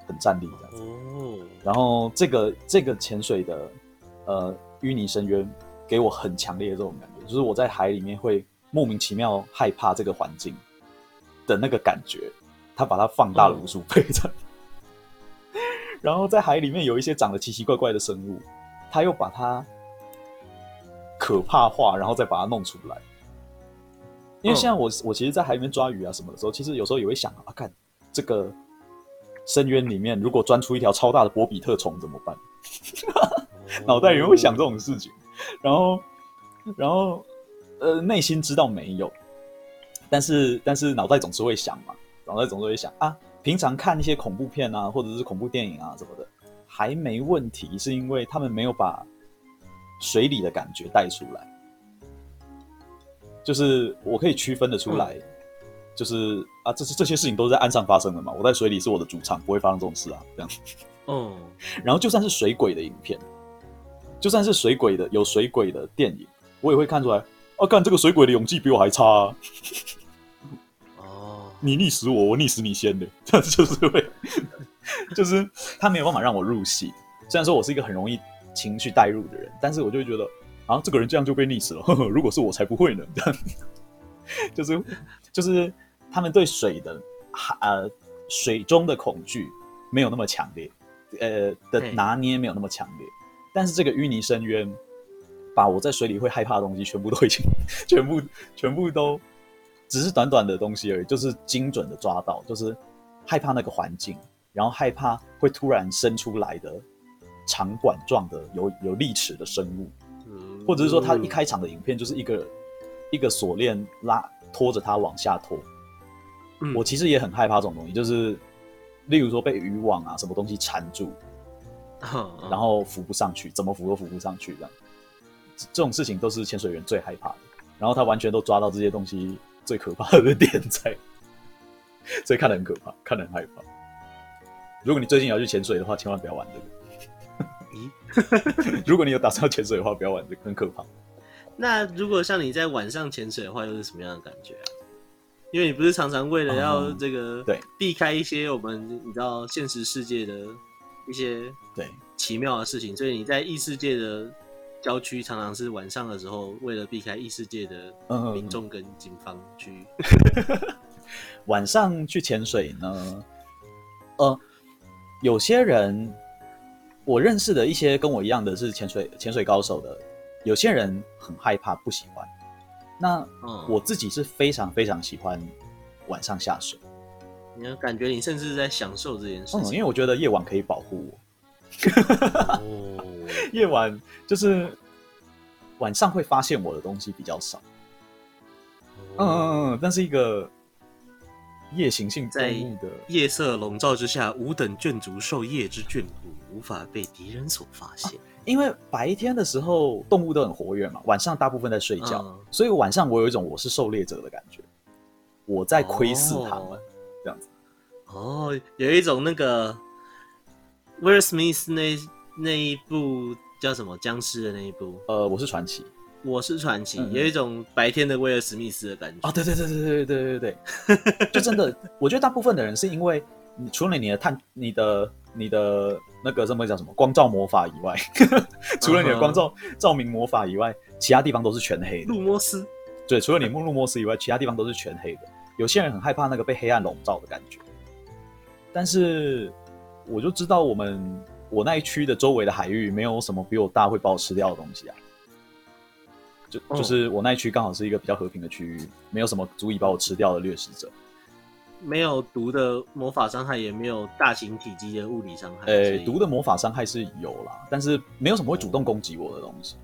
很戰慄這樣子。然後這個這個潛水的呃淤泥深淵給我很強烈的這種感覺，就是我在海裡面會莫名其妙害怕這個環境的那個感覺，他把它放大了無數倍。嗯、 <laughs> 然後在海裡面有一些長得奇奇怪怪的生物，他又把它。可怕話，然後再把它弄出來。因為現在我、嗯、我其實，在海裡面抓魚啊什麼的時候，其實有時候也會想啊，看、啊、這個深淵裡面，如果鑽出一條超大的博比特蟲怎麼辦？ <laughs> 腦袋也會想這種事情，哦、然後然後呃，內心知道沒有，但是但是腦袋總是會想嘛，腦袋總是會想啊。平常看一些恐怖片啊，或者是恐怖電影啊什麼的，還沒問題，是因為他們沒有把。水裡的感覺帶出來，就是我可以區分得出來，嗯、就是啊，這是這些事情都是在岸上發生的嘛。我在水裡是我的主場，不會發生這種事啊。這樣，哦、嗯。然後就算是水鬼的影片，就算是水鬼的有水鬼的電影，我也會看出來。啊，幹這個水鬼的勇氣比我還差，啊。哦，你溺死我，我溺死你先的。這樣就是會， <laughs> 就是他沒有辦法讓我入戲。雖然說我是一個很容易。情緒帶入的人，但是我就會覺得，啊，這個人這樣就被溺死了呵呵。如果是我，才不會呢。就是就是，就是、他們對水的，呃、啊，水中的恐懼沒有那麼強烈，呃的拿捏沒有那麼強烈。嗯、但是這個淤泥深淵，把我在水裡會害怕的東西，全部都已經，全部全部都，只是短短的東西而已，就是精準的抓到，就是害怕那個環境，然後害怕會突然生出來的。長管狀的、有有利齒的生物，或者是說，它一開場的影片就是一個、嗯、一個鎖鏈拉拖着它往下拖。嗯、我其實也很害怕這種東西，就是例如說被漁網啊、什麼東西纏住，嗯、然後浮不上去，怎麼浮都浮不上去，這樣這種事情都是潛水員最害怕的。然後他完全都抓到這些東西最可怕的點在，所以看得很可怕，看得很害怕。如果你最近要去潛水的話，千萬不要玩這個。 <laughs> 如果你有打算潛水的話，不要玩，很可怕。那如果像你在晚上潛水的話，又是什麼樣的感覺？因為你不是常常為了要這個避開一些我們你知道現實世界的一些對奇妙的事情，對所以你在異世界的郊區常常是晚上的時候，為了避開異世界的民眾跟警方去。 <laughs> 晚上去潛水呢？呃，有些人。我認識的一些跟我一樣的是潛水潛水高手的，有些人很害怕，不喜歡。那我自己是非常非常喜歡晚上下水。你有感覺，你甚至在享受這件事情，嗯，因為我覺得夜晚可以保護我。 <laughs> 夜晚就是晚上會發現我的東西比較少。嗯嗯嗯，但是一個。夜行性在目的夜色籠罩之下，吾等眷族，受夜之眷顧，無法被敵人所發現、啊。因為白天的時候動物都很活躍嘛，晚上大部分在睡覺，嗯、所以晚上我有一種我是狩獵者的感覺，我在窺視他們這樣子。哦，有一種那個威爾史密斯那那一部叫什麼僵屍的那一部？呃，我是傳奇。我是傳奇，嗯、哼有一種白天的威爾史密斯的感覺啊、哦！對對對對對對對對,對 <laughs> 就真的，我覺得大部分的人是因為，你除了你的探、你的、你的那個什麼叫什麼光照魔法以外， <laughs> 除了你的光照、uh huh. 照明魔法以外，其他地方都是全黑的。露摩斯，對，除了你夢露摩斯以外， <laughs> 其他地方都是全黑的。有些人很害怕那個被黑暗籠罩的感覺，但是我就知道，我們我那一區的周圍的海域沒有什麼比我大會把我吃掉的東西啊。就就是我那一區剛好是一個比較和平的區域，沒有什麼足以把我吃掉的掠食者，沒有毒的魔法傷害，也沒有大型體積的物理傷害。呃、欸，以毒的魔法傷害是有啦，但是沒有什麼會主動攻擊我的東西。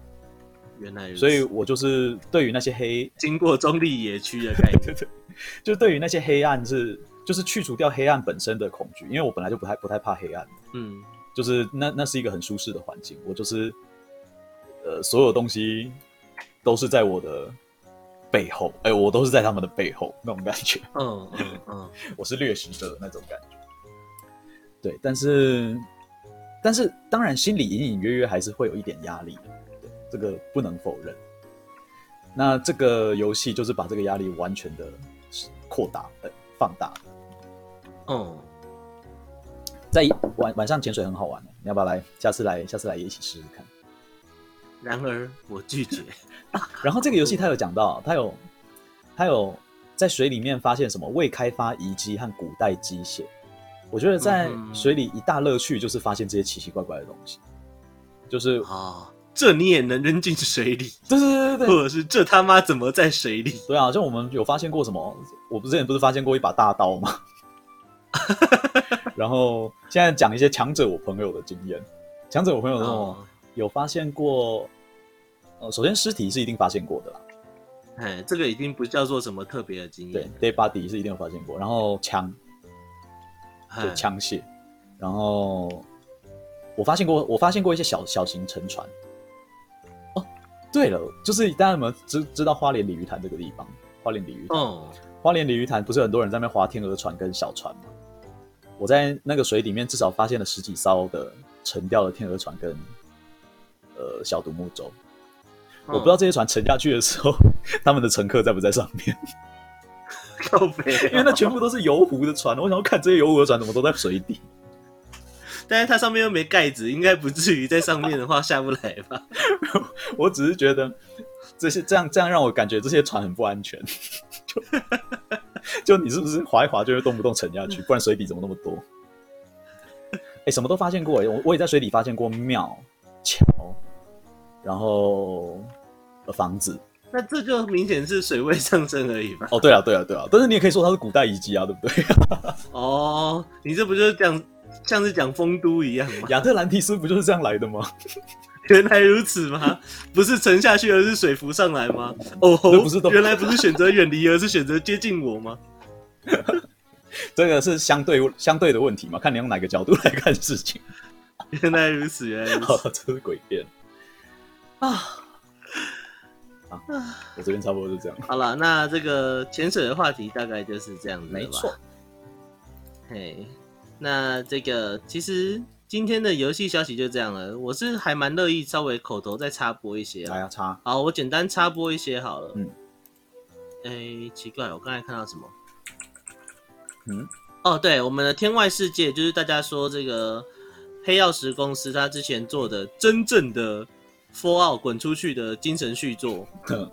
原來、哦，所以我就是對於那些黑經過中立野區的概念， <laughs> 就對於那些黑暗是就是去除掉黑暗本身的恐懼，因為我本來就不太不太怕黑暗。嗯，就是那那是一個很舒適的環境，我就是呃所有東西。都是在我的背後，哎、欸，我都是在他們的背後那種感覺。嗯嗯嗯，嗯 <laughs> 我是掠食者的那種感覺。對，但是，但是，當然，心裡隱隱約約還是會有一點壓力，這個不能否認。那這個遊戲就是把這個壓力完全的擴大，呃、放大了。嗯，在晚晚上潛水很好玩，欸，你要不要來？下次來，下次來也一起試試看。然而我拒絕。 <laughs> 然後這個遊戲他有講到，他有他有在水裡面發現什麼未開發遺跡和古代機械。我覺得在水裡一大樂趣就是發現這些奇奇怪怪的東西。就是啊、哦，這你也能扔進水裡？對對對對對。或者是這他媽怎麼在水裡？水裡對啊，就我們有發現過什麼？我不之前不是發現過一把大刀嗎？ <laughs> <laughs> 然後現在講一些強者我朋友的經驗，強者我朋友的時候、哦、有發現過。.哦，首先屍體是一定發現過的啦。哎，這個已經不叫做什麼特別的經驗。對 dead body 是一定有發現過。然後槍，就槍械。嘿然後我發現過，我發現過一些小小型沉船。哦，對了，就是大家有沒有知知道花蓮鯉魚潭這個地方？花蓮鯉魚潭，哦、花蓮鯉魚潭不是很多人在那邊划天鵝船跟小船嗎？我在那個水裡面至少發現了十幾艘的沉掉的天鵝船跟呃小獨木舟。我不知道這些船沉下去的時候，他們的乘客在不在上面？ <laughs> 因為那全部都是遊湖的船，我想要看這些遊湖的船怎麼都在水底。但是它上面又沒蓋子，應該不至於在上面的話下不來吧？ <laughs> 我只是覺得這些這樣這樣讓我感覺這些船很不安全。 <laughs> 就，就你是不是划一划就會動不動沉下去？不然水底怎麼那麼多？欸、什麼都發現過，欸，我我也在水底發現過廟橋。橋然後、呃、房子，那這就明顯是水位上升而已嘛。哦，對啊，對啊，對啊。但是你也可以說它是古代遺跡啊，對不對？哦，你這不就是講像是講豐都一樣嗎？亞特蘭蒂斯不就是這樣來的嗎？ <laughs> 原來如此嗎？不是沉下去，而是水浮上來嗎？哦，原來不是選擇遠離，而是選擇接近我嗎？ <laughs> 這個是相對相對的問題嘛，看你用哪個角度來看事情。原來如此，原來如此，哦、這是詭辯。 <laughs> 啊，我這邊差不多是這樣。 <laughs> 好了，那這個潛水的話題大概就是這樣沒錯。嘿，hey, 那這個其實今天的遊戲消息就這樣了。我是還蠻樂意稍微口頭再插播一些啊，來啊，插，好，我簡單插播一些好了。嗯，哎、欸，奇怪，我剛才看到什麼？嗯，哦，對，我們的天外世界，就是大家說這個黑曜石公司他之前做的真正的。《Fallout 滾出去的精神續作，呵呵，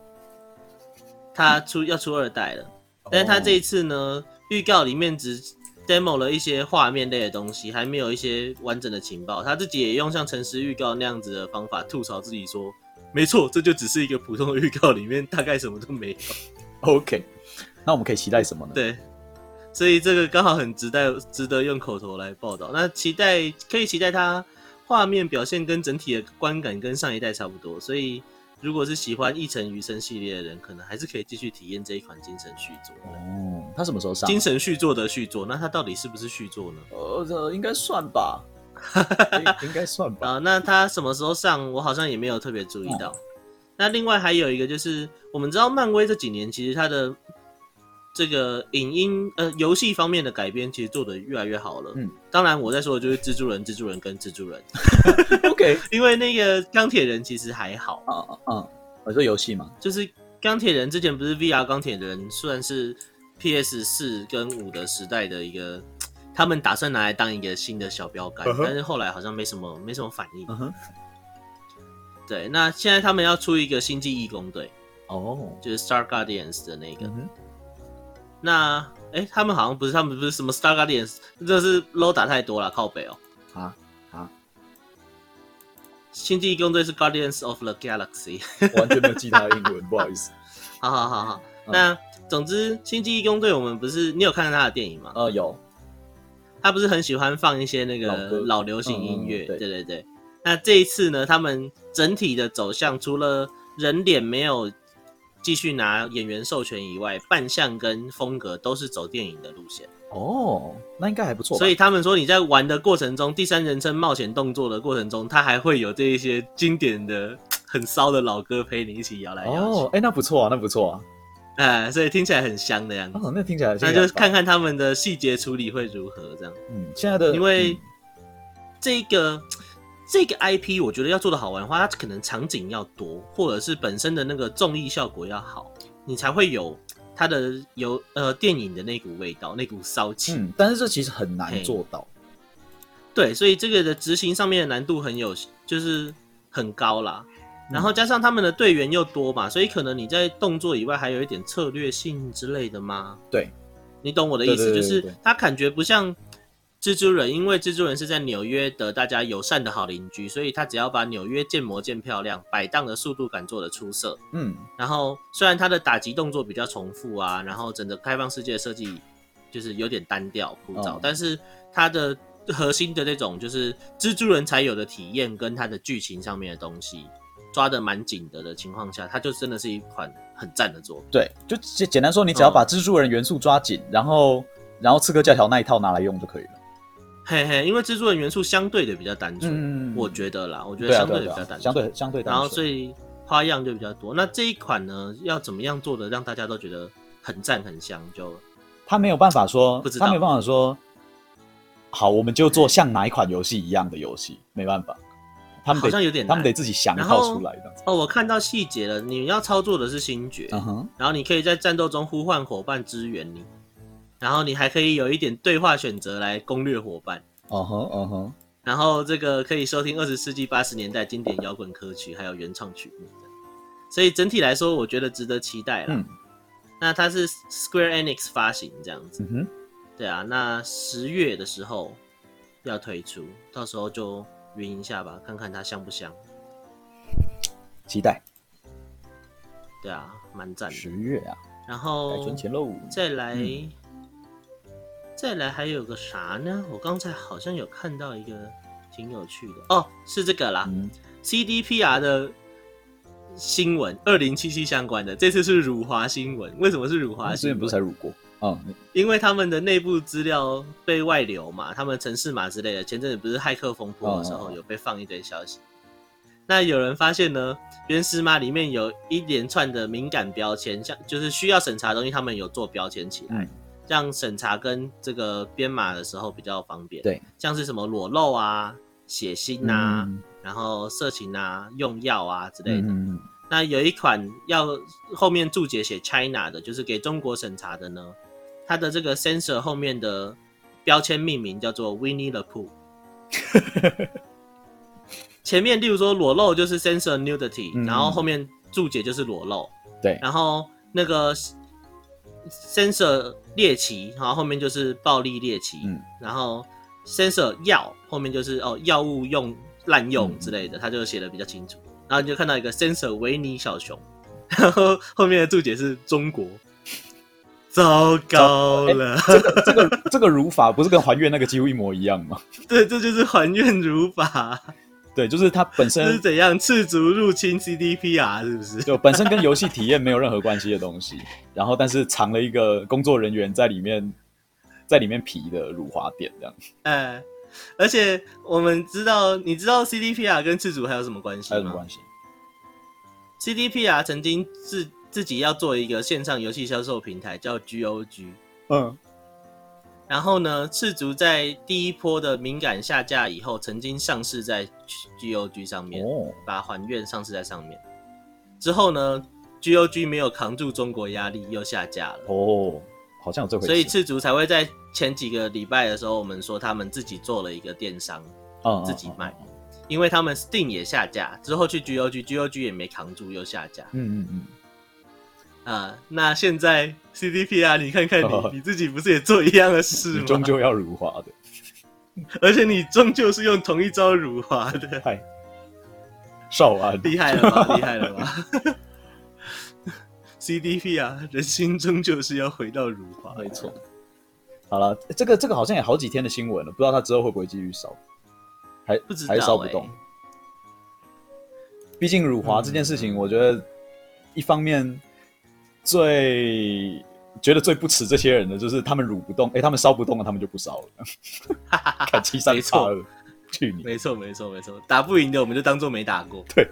他出要出二代了，但是他這一次呢，oh. 預告裡面只 demo 了一些畫面類的東西，還沒有一些完整的情報。他自己也用像誠實預告那樣子的方法吐槽自己說，沒錯，這就只是一個普通的預告，裡面大概什麼都沒有。OK，那我們可以期待什麼呢？對，所以這個剛好很值得值得用口頭來報道。那期待可以期待他。畫面表現跟整體的觀感跟上一代差不多，所以如果是喜歡《異塵餘生》系列的人，可能還是可以繼續體驗這一款精神續作。哦，他什麼時候上？精神續作的續作？那他到底是不是續作呢？呃、哦，應該算吧，應該算吧、 <laughs> 哦。那他什麼時候上？我好像也沒有特別注意到。嗯、那另外還有一個就是，我們知道漫威這幾年其實他的。這個影音呃遊戲方面的改編其實做得越來越好了。嗯，當然我在說的就是蜘蛛人，蜘蛛人跟蜘蛛人。 <laughs> <laughs> OK，因為那個鋼鐵人其實還好。啊啊啊！我說遊戲嘛，就是鋼鐵人之前不是 VR 鋼鐵人，雖然是 PS 四跟五的時代的一個，他們打算拿來當一個新的小標桿，uh huh. 但是後來好像沒什麼沒什麼反應。Uh huh. 對，那現在他們要出一個星際異攻隊，哦，oh. 就是 Star Guardians 的那個。Uh huh. 那，哎、欸，他們好像不是，他們不是什麼 Star Guardians，這是 LOL 打太多了，靠北哦、喔啊。啊啊，星際異攻隊是 Guardians of the Galaxy， <laughs> 完全沒有記他英文， <laughs> 不好意思。好好好好，嗯、那總之星際異攻隊，我們不是你有看過他的電影嗎？哦、嗯，有。他不是很喜歡放一些那個老流行音樂，嗯、對，對對對。那這一次呢，他們整體的走向，除了人臉沒有。繼續拿演員授權以外，扮相跟風格都是走電影的路線。哦，那應該還不錯。所以他們說，你在玩的過程中，第三人稱冒險動作的過程中，他還會有這一些經典的很騷的老歌陪你一起搖來搖去。哦，哎、欸，那不錯啊，那不錯啊。哎、呃，所以聽起來很香的樣子。哦，那聽起來很香。那就看看他們的細節處理會如何這樣。嗯，現在的因為這個。嗯這個 IP 我覺得要做得好玩的話，它可能場景要多，或者是本身的那個綜藝效果要好，你才會有它的有呃電影的那股味道，那股騷氣。嗯，但是這其實很難做到。對，所以這個的執行上面的難度很有，就是很高啦。嗯。然後加上他們的隊員又多嘛，所以可能你在動作以外還有一點策略性之類的嗎？對，你懂我的意思，就是他感覺不像。蜘蛛人，因為蜘蛛人是在紐約的大家友善的好鄰居，所以他只要把紐約建模建漂亮，擺盪的速度感做得出色，嗯，然後雖然他的打擊動作比較重複啊，然後整個開放世界設計就是有點單調枯燥，嗯、但是他的核心的這種就是蜘蛛人才有的體驗跟他的劇情上面的東西抓得蠻緊的的情況下，他就真的是一款很讚的作品。對，就簡簡單說，你只要把蜘蛛人元素抓緊，嗯、然後然後刺客教條那一套拿來用就可以了。嘿嘿，因為製作人元素相對的比較單純，嗯、我覺得啦，我覺得相對的比較單純，相對相對單純。然後所以花樣就比較多。那這一款呢，要怎麼樣做的讓大家都覺得很讚很香？就他沒有辦法說，不知道，他沒有辦法說，好，我們就做像哪一款遊戲一樣的遊戲，沒辦法，他們好像有點難，他們得自己想好出來的。哦，我看到細節了，你要操作的是星爵，嗯、哼然後你可以在戰鬥中呼喚伙伴支援你。然後你還可以有一點對話選擇來攻略伙伴，哦哦、uh huh, uh huh. 然後這個可以收聽二十世紀八十年代經典搖滾歌曲，還有原創曲目。所以整體來說，我覺得值得期待了。嗯、那它是 Square Enix 發行這樣子，嗯、哼對啊。那十月的時候要推出，到時候就雲一下吧，看看它香不香？期待。對啊，蠻讚的。十月啊。然後，該存錢囉。再來。嗯再來還有個啥呢？我剛才好像有看到一個挺有趣的哦，是這個啦、嗯、，CDPR 的新聞，二零七七相關的，這次是辱華新聞。為什麼是辱華新聞？之前不是才辱過啊？哦、因為他們的內部資料被外流嘛，他們程式碼之類的，前陣子不是駭客風波的時候哦哦有被放一堆消息。那有人發現呢，原始碼裡面有一連串的敏感標籤，像就是需要審查的東西，他們有做標籤起來。嗯像審查跟這個編碼的時候比較方便，對，像是什麼裸露啊、血腥啊、嗯、然後色情啊、用藥啊之類的。嗯、哼那有一款要後面注解寫 China 的，就是給中國審查的呢，它的這個 censor 後面的標籤命名叫做 Winnie the Pooh。 <laughs> 前面例如說裸露就是 censor nudity，然後後面注解就是裸露。對，然後那個。sensor 獵奇，然後後面就是暴力獵奇，嗯、然後 sensor 藥，後面就是哦藥物用濫用之類的，嗯、他就寫得比較清楚，然後你就看到一個 sensor 維尼小熊，然後後面的注解是中國，糟糕了，糟糕了欸、這個、這個、這個如法不是跟還願那個幾乎一模一樣嗎？對，這就是還願如法。對，就是它本身是怎樣赤燭入侵 CDPR，是不是？就本身跟遊戲體驗沒有任何關係的東西， <laughs> 然後但是藏了一個工作人員在裡面，在裡面皮的乳滑點這樣子。嗯，而且我們知道，你知道 CDPR 跟赤燭還有什麼關係？還有什麼關係？CDPR 曾經自自己要做一個線上遊戲銷售平台，叫 GOG。嗯。然後呢，赤燭在第一波的敏感下架以後，曾經上市在 GOG 上面，oh. 把還願上市在上面。之後呢，GOG 沒有扛住中國壓力，又下架了。哦，oh, 好像這回事。所以赤燭才會在前幾個禮拜的時候，我們說他們自己做了一個電商，oh. 自己賣，因為他們 Steam 也下架，之後去 GOG，GOG 也沒扛住，又下架。嗯嗯嗯。啊，那現在 C D P 啊，你看看你呵呵你自己不是也做一樣的事嗎？你終究要辱華的，而且你終究是用同一招辱華的。嗨，燒啊！厲害了嗎？厲害了嗎？C D P 啊，人心終究是要回到辱華。沒錯。好了，這個這個好像有好幾天的新聞了，不知道他之後會不會繼續燒，還不知道、欸、還燒不動。畢竟辱華這件事情，我覺得一方面。最覺得最不恥這些人的，就是他們辱不動，哎、欸，他們燒不動了，他們就不燒了，哈氣上錯了， <laughs> 錯去你你沒錯沒錯沒錯，打不贏的我們就當做沒打過，對，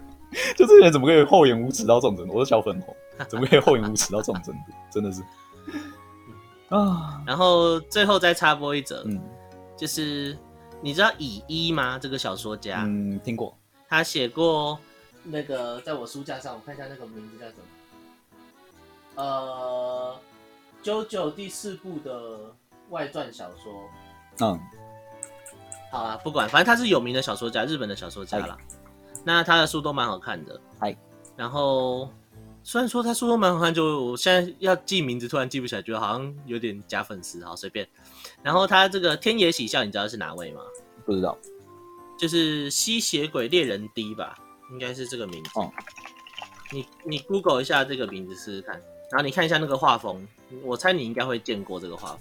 就這些人怎麼可以厚顏無恥到這種程度？我是小粉紅，怎麼可以厚顏無恥到這種程度？哈哈哈哈真的是啊，然後最後再插播一則嗯，就是你知道乙一嗎？這個小說家，嗯，聽過，他寫過那個，在我書架上，我看一下那個名字叫什麼。呃，九九第四部的外傳小說。嗯，好啊，不管，反正他是有名的小說家，日本的小說家了。哎、那他的書都蠻好看的。嗨、哎。然後，雖然說他書都蠻好看，就我現在要記名字，突然記不起來，覺得好像有點假粉絲。好，隨便。然後他這個天野喜孝，你知道是哪位嗎？不知道，就是吸血鬼獵人 D 吧，應該是這個名字。嗯、你你 Google 一下這個名字試試看。然後你看一下那個畫風，我猜你應該會見過這個畫風。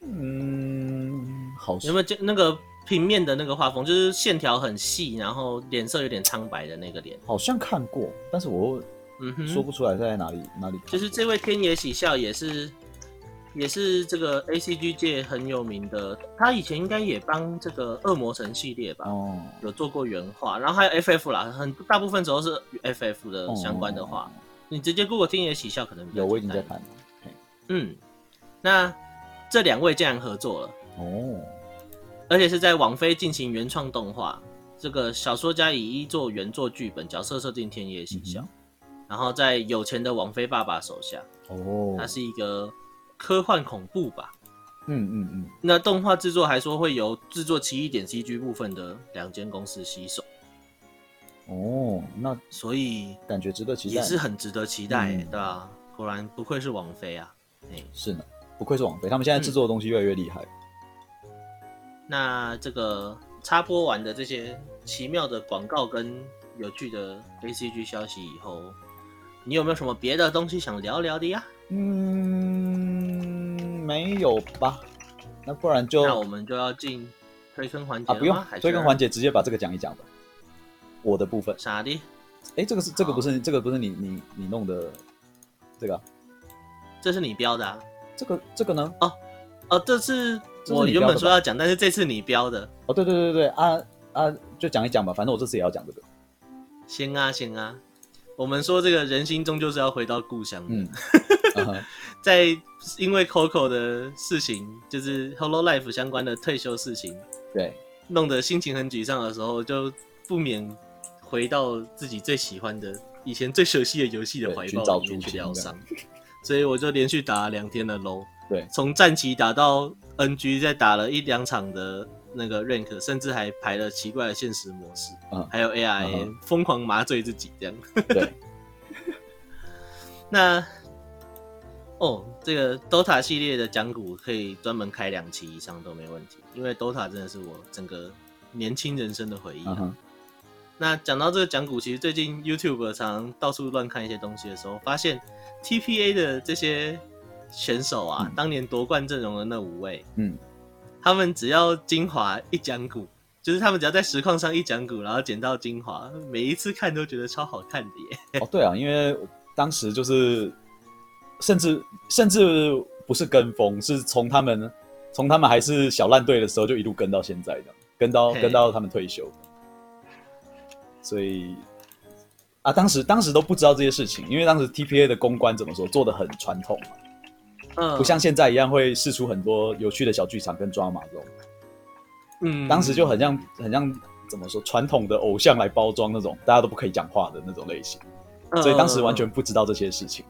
嗯像，好，有沒有見那個平面的那個畫風，就是線條很細，然後臉色有點蒼白的那個臉？好像看過，但是我又嗯說不出來在哪裡、嗯、哼哪裡。就是這位天野喜孝也是。也是這個 A C G 界，很有名的，他以前應該也幫這個惡魔城系列吧，oh. 有做過原畫，然後還有 F F 啦，很大部分時候是 F F 的，oh. 相關的話，你直接 Google 天野喜孝可能有，我已經在看。Okay. 嗯，那這兩位竟然合作了哦，oh. 而且是在網飛進行原創動畫，這個小說家乙一作原作劇本、角色設定、天野喜孝，mm hmm. 然後在有錢的網飛爸爸手下哦，oh. 他是一個。科幻恐怖吧？嗯嗯嗯。嗯嗯那動畫製作還說會由製作《奇異點》C G 部分的兩間公司吸收哦，那所以感覺值得期待，也是很值得期待、欸，嗯、對吧、啊？果然不愧是王菲啊，哎、欸，是呢，不愧是王菲，他們現在制作的東西越來越厲害、嗯。那這個插播完的這些奇妙的廣告跟有趣的 A C G 消息以後，你有沒有什麼別的東西想聊聊的呀？嗯，沒有吧？那不然就那我們就要進推坑環節、啊、不用推坑環節，直接把這個講一講吧。我的部分啥的？哎，這個是這個不是好這個不是你你你弄的？這個這是你標的、啊？這個這個呢？哦哦，這次我原本說要講，但是這次你標的哦，對對對對啊啊，就講一講吧，反正我這次也要講這個。行啊行啊，我們說這個人心終究是要回到故鄉。嗯。Uh huh. 在因為 Coco 的事情，就是 Hololive 相關的退休事情，對，弄得心情很沮喪的時候，就不免回到自己最喜歡的、以前最熟悉的遊戲的懷抱裡面去療傷。所以我就連續打了兩天的 LOL，對，從戰旗打到 NG，再打了一兩場的那個 Rank，甚至還排了奇怪的現實模式，uh huh. 還有 AI 瘋、uh huh. 狂麻醉自己這樣。 <laughs> 對， <laughs> 那。哦，這個 Dota 系列的講古可以專門開兩期以上都沒問題，因為 Dota 真的是我整個年輕人生的回憶、啊。嗯、哼那講到這個講古，其實最近 YouTube 常，常到處亂看一些東西的時候，發現 TPA 的這些選手啊，嗯、當年奪冠陣容的那五位，嗯，他們只要精華一講古，就是他們只要在實況上一講古，然後撿到精華，每一次看都覺得超好看的耶。哦，對啊，因為我當時就是。甚至甚至不是跟風，是從他們從他們還是小爛隊的時候就一路跟到現在的，這樣跟到 Hey. 跟到他們退休。所以啊，當時當時都不知道這些事情，因為當時 TPA 的公關怎麼說，做得很傳統嘛，嗯，不像現在一樣會釋出很多有趣的小劇場跟抓馬這種，嗯，當時就很像很像怎麼說傳統的偶像來包裝那種大家都不可以講話的那種類型，所以當時完全不知道這些事情。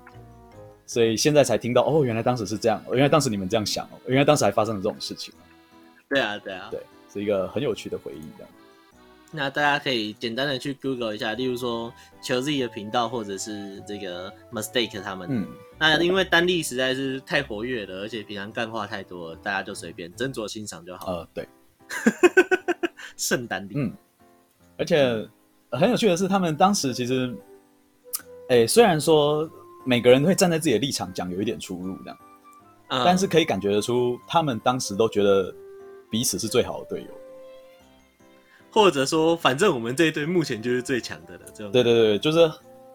所以現在才聽到哦，原來當時是這樣，原來當時你們這樣想哦，原來當時還發生了這種事情。對啊，對啊，對，是一個很有趣的回憶，這樣。那大家可以簡單的去 Google 一下，例如說求自己的頻道，或者是這個 Mistake 他們。嗯。那因為丹利實在是太活躍了，而且平常幹話太多，大家就隨便斟酌欣賞就好了。呃，對。聖丹 <laughs> 利。嗯。而且很有趣的是，他們當時其實，哎，雖然說。每個人會站在自己的立場講，有一點出入這樣，嗯、但是可以感覺得出，他們當時都覺得彼此是最好的隊友，或者說，反正我們這一隊目前就是最強的了。這對對對，就是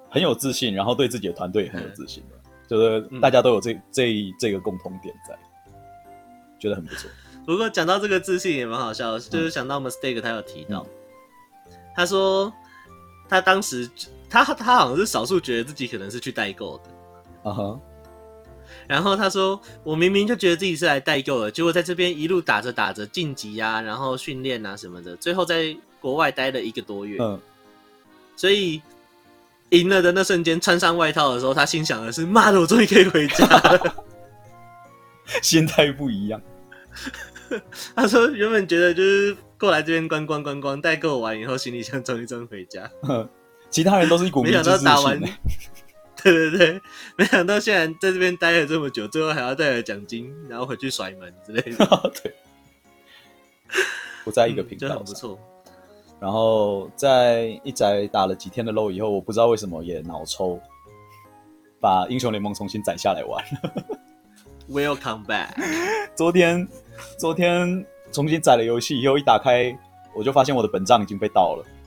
很有自信，然後對自己的團隊也很有自信、嗯、就是大家都有這這這個共同點在，覺得很不錯。不過講到這個自信也蠻好笑的，嗯、就是想到 Mistake 他有提到，嗯、他說他當時。他他好像是少數覺得自己可能是去代購的，啊哈、uh。Huh. 然後他說：“我明明就覺得自己是來代購的，結果在這邊一路打着打着晉級呀、啊，然後訓練啊什麼的，最後在國外待了一個多月，嗯、uh。Huh. 所以贏了的那瞬間，穿上外套的時候，他心想的是：媽的，我終於可以回家了。 <laughs> 心態不一樣。 <laughs> 他說原本覺得就是過來這邊觀光觀光，代購完以後，行李箱終於真回家。Uh ” huh. 其他人都是一股迷之自信。欸、 <laughs> 對對對，沒想到現在在這邊待了這麼久，最後還要帶來獎金，然後回去甩門之類的。 <laughs> 對，不在一個頻道上真的好不錯。然後在一宅打了幾天的肉以後，我不知道為什麼也腦抽，把英雄聯盟重新載下來玩。 <laughs> Welcome back！昨天昨天重新載了遊戲以後，一打開我就發現我的本賬已經被盜了。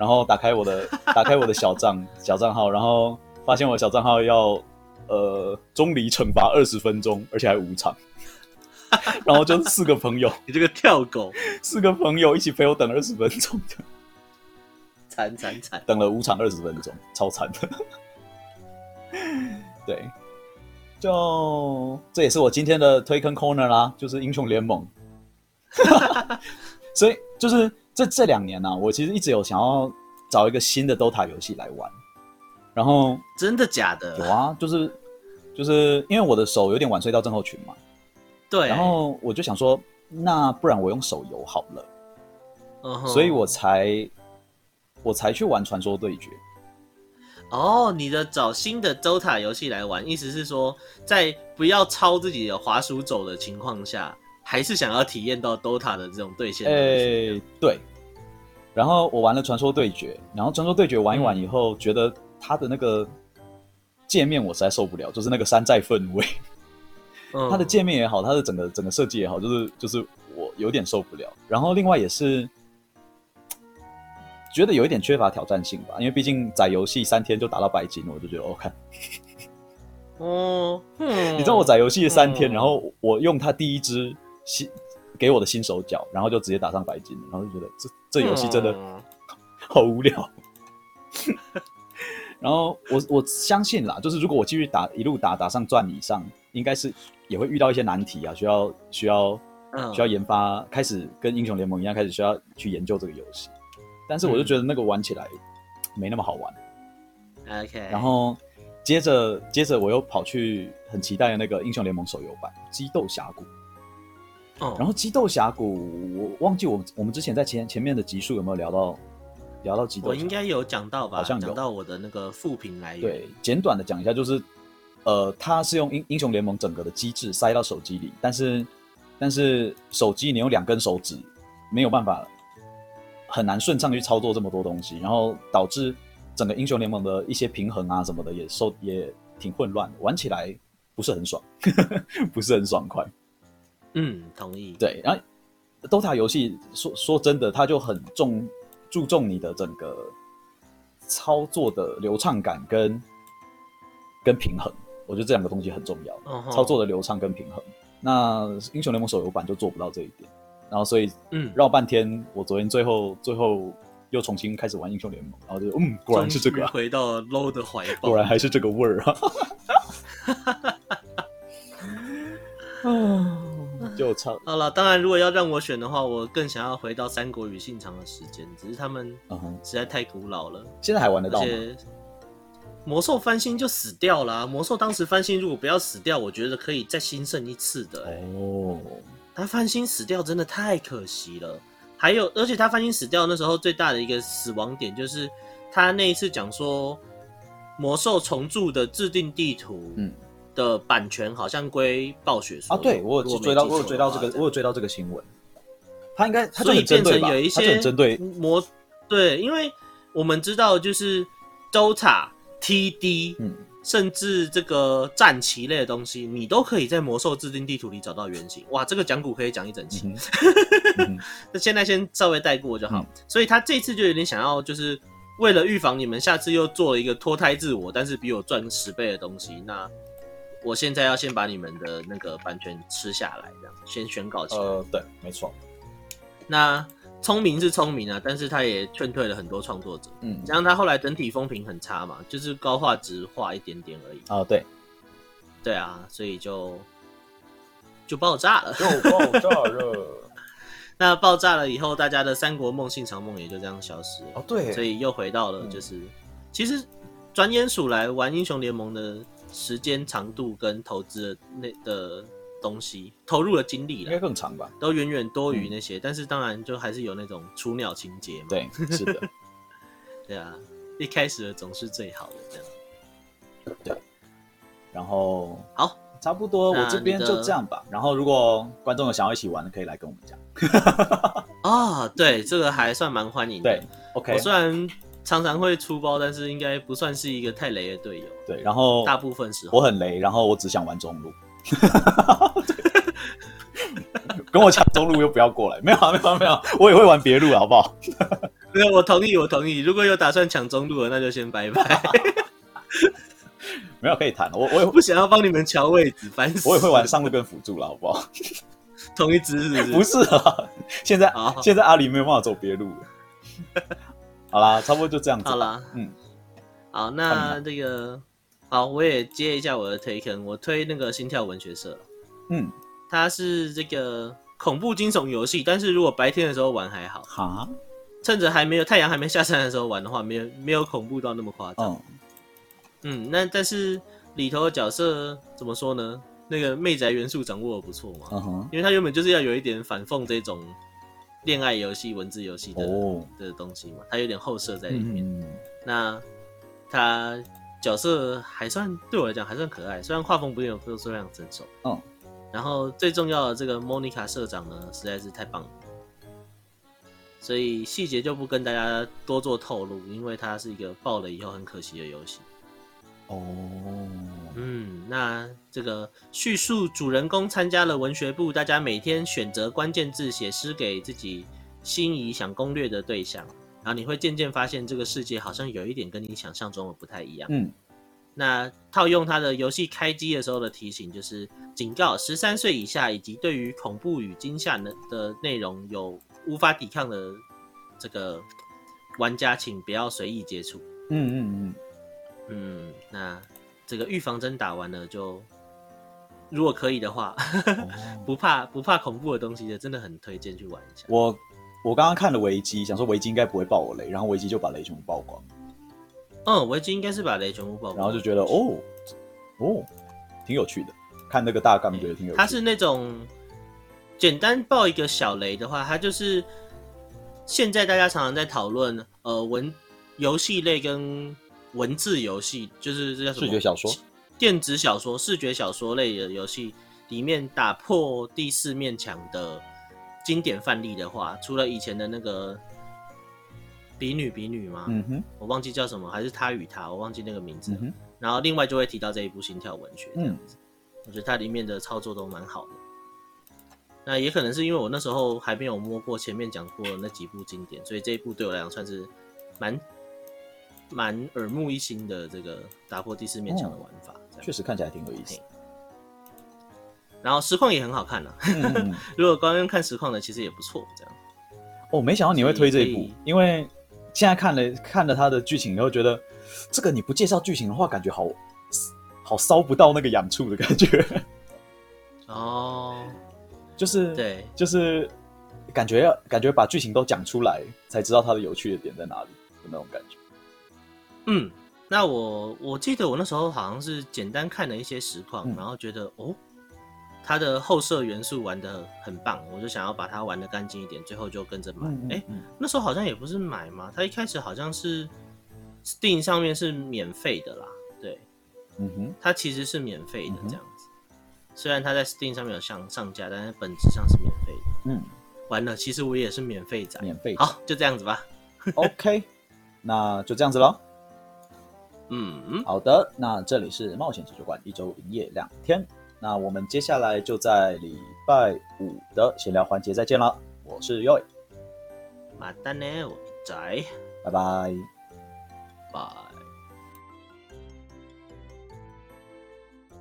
然後打開我的，打開我的小賬 <laughs> 小賬號，然後發現我的小賬號要，呃，中離懲罰二十分鐘，而且還五場， <laughs> 然後就四個朋友，你這個跳狗，四個朋友一起陪我等二十分鐘的，慘慘慘，慘慘慘等了五場二十分鐘，慘超慘的。 <laughs> 對，就這也是我今天的推坑 corner 啦，就是英雄聯盟， <laughs> 所以就是。這這兩年呢、啊，我其實一直有想要找一個新的 DOTA 遊戲來玩，然後真的假的？有啊，就是就是因為我的手有點腕隧道症候群嘛，對。然後我就想說，那不然我用手遊好了，嗯、uh，huh. 所以我才我才去玩傳說對決。哦，oh, 你的找新的 DOTA 遊戲來玩，意思是說在不要抄自己的滑鼠走的情況下。還是想要體驗到 Dota 的這種對線。哎，對。然後我玩了傳說對決，然後傳說對決玩一玩以後，嗯、覺得它的那個界面，我實在受不了，就是那個山寨氛圍。嗯、它的界面也好，它的整個整個設計也好，就是就是我有點受不了。然後另外也是覺得有一點缺乏挑戰性吧，因為畢竟載遊戲三天就達到白金了，我就覺得 ok。哦。 <laughs> 哦嗯、你知道我載遊戲三天，嗯、然後我用它第一支。新給我的新手腳，然後就直接打上白金，然後就覺得這這遊戲真的好無聊。 <laughs> 然後我我相信啦，就是如果我繼續打，一路打打上鑽以上，應該是也會遇到一些難題啊，需要需要，oh. 需要研發，開始跟英雄聯盟一樣，開始需要去研究這個遊戲。但是我就覺得那個玩起來沒那麼好玩。OK，然後接着接着我又跑去很期待的那個英雄聯盟手遊版《激鬥峽谷》。然後激鬥峽谷，我忘記我我們之前在前前面的集數有沒有聊到，聊到激鬥，我應該有講到吧？好像講到我的那個負評來源。對，簡短的講一下，就是，呃，他是用英英雄聯盟整個的機制塞到手機裡，但是但是手機你用兩根手指，沒有辦法，很難順暢去操作這麼多東西，然後導致整個英雄聯盟的一些平衡啊什麼的，也受也挺混亂的，玩起來不是很爽， <laughs> 不是很爽快。嗯，同意。對，然後 Dota 遊戲說說真的，它就很重注重你的整個操作的流暢感跟跟平衡，我覺得這兩個東西很重要。哦、吼操作的流暢跟平衡。那英雄聯盟手遊版就做不到這一點。然後所以，嗯，繞半天，嗯、我昨天最後最後又重新開始玩英雄聯盟，然後就嗯，果然是這個、啊，回到 Low 的懷抱。果然還是這個味兒啊。哈嗯。就唱、嗯、好了。當然，如果要讓我選的話，我更想要回到三國與信長的時間，只是他們實在太古老了。現在還玩得到嗎？而且魔獸翻新就死掉了。魔獸當時翻新，如果不要死掉，我覺得可以再興盛一次的、欸。哦，他翻新死掉真的太可惜了。還有，而且他翻新死掉那時候最大的一個死亡點就是他那一次講說魔獸重鑄的制定地圖，嗯。的版權好像歸暴雪說啊。對，對我有追到，我有追到這個，對我有追到這個新聞。他應該，他就已變成有一些針對對，因為我們知道，就是 Dota、TD、嗯、甚至這個戰旗類的東西，你都可以在魔獸自定義地圖裡找到原型。哇，這個講古可以講一整期。那、嗯嗯、 <laughs> 現在先稍微帶過就好。嗯、所以他這次就有點想要，就是為了預防你們下次又做了一個脫胎自我，但是比我賺十倍的東西，那。我現在要先把你們的那個版權吃下來，這樣先宣告起來，呃。對，沒錯。那聰明是聰明啊，但是他也勸退了很多創作者。嗯，加上他後來整體風評很差嘛，就是高畫質畫一點點而已。哦、啊，對。對啊，所以就就爆炸了。又爆炸了。 <laughs> 那爆炸了以後，大家的三國夢、信長夢也就這樣消失了。哦，對。所以又回到了就是，嗯、其實轉眼數來玩英雄聯盟的。時間長度跟投資的那的東西投入的精力應該更長吧，都遠遠多於那些，嗯、但是當然就還是有那種雛鳥情節嘛。對，是的， <laughs> 對啊，一開始的總是最好的這樣。對，然後好，差不多，我這邊就這樣吧。然後如果觀眾有想要一起玩的，可以來跟我們講。啊 <laughs> ，Oh, 對，這個還算蠻歡迎的。對、okay. 我雖然。常常會出包，但是應該不算是一個太雷的隊友。對，然後大部分時候我很雷，然後我只想玩中路。 <laughs> 對 <laughs> 跟我搶中路又不要過來，沒有啊，沒有啊，沒有啊，我也會玩別路，好不好？ <laughs> 沒有，我同意，我同意。如果有打算搶中路的，那就先拜拜。 <laughs> <laughs> 沒有可以談，我我也不想要幫你們喬位置，反正我也會玩上路跟輔助了，好不好？ <laughs> 同一支是不是？不是啊，現在啊，好好現在阿里沒有辦法走別路。 <laughs> 好啦，差不多就這樣子。好啦，嗯，好，那這個，好，我也接一下我的推坑我推那個心跳文學社了。嗯，它是這個恐怖驚悚遊戲，但是如果白天的時候玩還好。啊，趁着還沒有太陽還沒下山的時候玩的話，沒有沒有恐怖到那麼誇張。嗯，嗯，那但是裡頭的角色怎麼說呢？那個妹仔元素掌握得不錯嘛。Uh huh、因為它原本就是要有一點反諷這種。戀愛遊戲、文字遊戲的、oh. 的東西嘛，它有點後設在裡面。嗯，那它角色還算對我來講還算可愛，雖然畫風不是非常成熟。哦，oh. 然後最重要的這個莫妮卡社長呢，實在是太棒了。所以細節就不跟大家多做透露，因為它是一個爆了以後很可惜的遊戲。哦，oh, 嗯，那這個敘述主人公參加了文學部。大家每天選擇關鍵字寫詩給自己心儀想攻略的對象，然後你會漸漸發現這個世界好像有一點跟你想象中的不太一樣。嗯，那套用他的遊戲開機的時候的提醒就是警告：十三歲以下以及對於恐怖與驚嚇的的內容有無法抵抗的這個玩家，請不要隨意接觸。嗯。嗯嗯嗯。嗯，那這個預防針打完了就，就如果可以的話，嗯、 <laughs> 不怕不怕恐怖的東西就真的很推薦去玩一下。我我剛剛看了維基，想說維基應該不會爆我雷，然後維基就把雷全部爆光。嗯，維基應該是把雷全部爆光，然後就覺得哦哦，挺有趣的。看那個大綱覺得挺有趣的。趣、欸、它是那種簡單爆一個小雷的話，它就是現在大家常常在討論呃文遊戲類跟。文字遊戲就是這叫什麼？視覺小說、電子小說、視覺小說類的遊戲裡面打破第四面牆的經典範例的話，除了以前的那個《彼女彼女》嗎？嗯、哼我忘記叫什麼，還是《他與他》，我忘記那個名字。嗯、哼然後另外就會提到這一部《心跳文學》這樣子，嗯，我覺得它裡面的操作都蠻好的。那也可能是因為我那時候還沒有摸過前面講過的那幾部經典，所以這一部對我來講算是蠻。蠻耳目一新的這個打破第四面牆的玩法，確、哦、這樣，確實看起來挺有意思的。然後實況也很好看呢、啊，嗯、 <laughs> 如果光看實況的其實也不錯。這樣，我、哦、沒想到你會推這一部，以以因為現在看了看了他的劇情，以後覺得這個你不介紹劇情的話，感覺好好燒不到那個癢處的感覺。哦， <laughs> 就是對，就是感覺感覺把劇情都講出來，才知道它的有趣的點在哪裡的那種感覺。嗯，那我我記得我那時候好像是簡單看了一些實況，然後覺得、嗯、哦，它的後設元素玩的很棒，我就想要把它玩的乾淨一點，最後就跟着買。哎、嗯嗯嗯欸，那時候好像也不是買嘛，它一開始好像是 Steam 上面是免費的啦，對，嗯哼，它其實是免費的這樣子，嗯、哼雖然它在 Steam 上面有上上架，但是本質上是免費的。嗯，完了，其實我也是免費的。免費。好，就這樣子吧。OK，那就這樣子嘍。嗯，mm hmm. 好的，那這裡是冒險解說館，一周營業兩天。那我們接下來就在禮拜五的閒聊環節再見了。我是 Roy。睿，馬丹呢，我是宅，拜拜 bye，拜。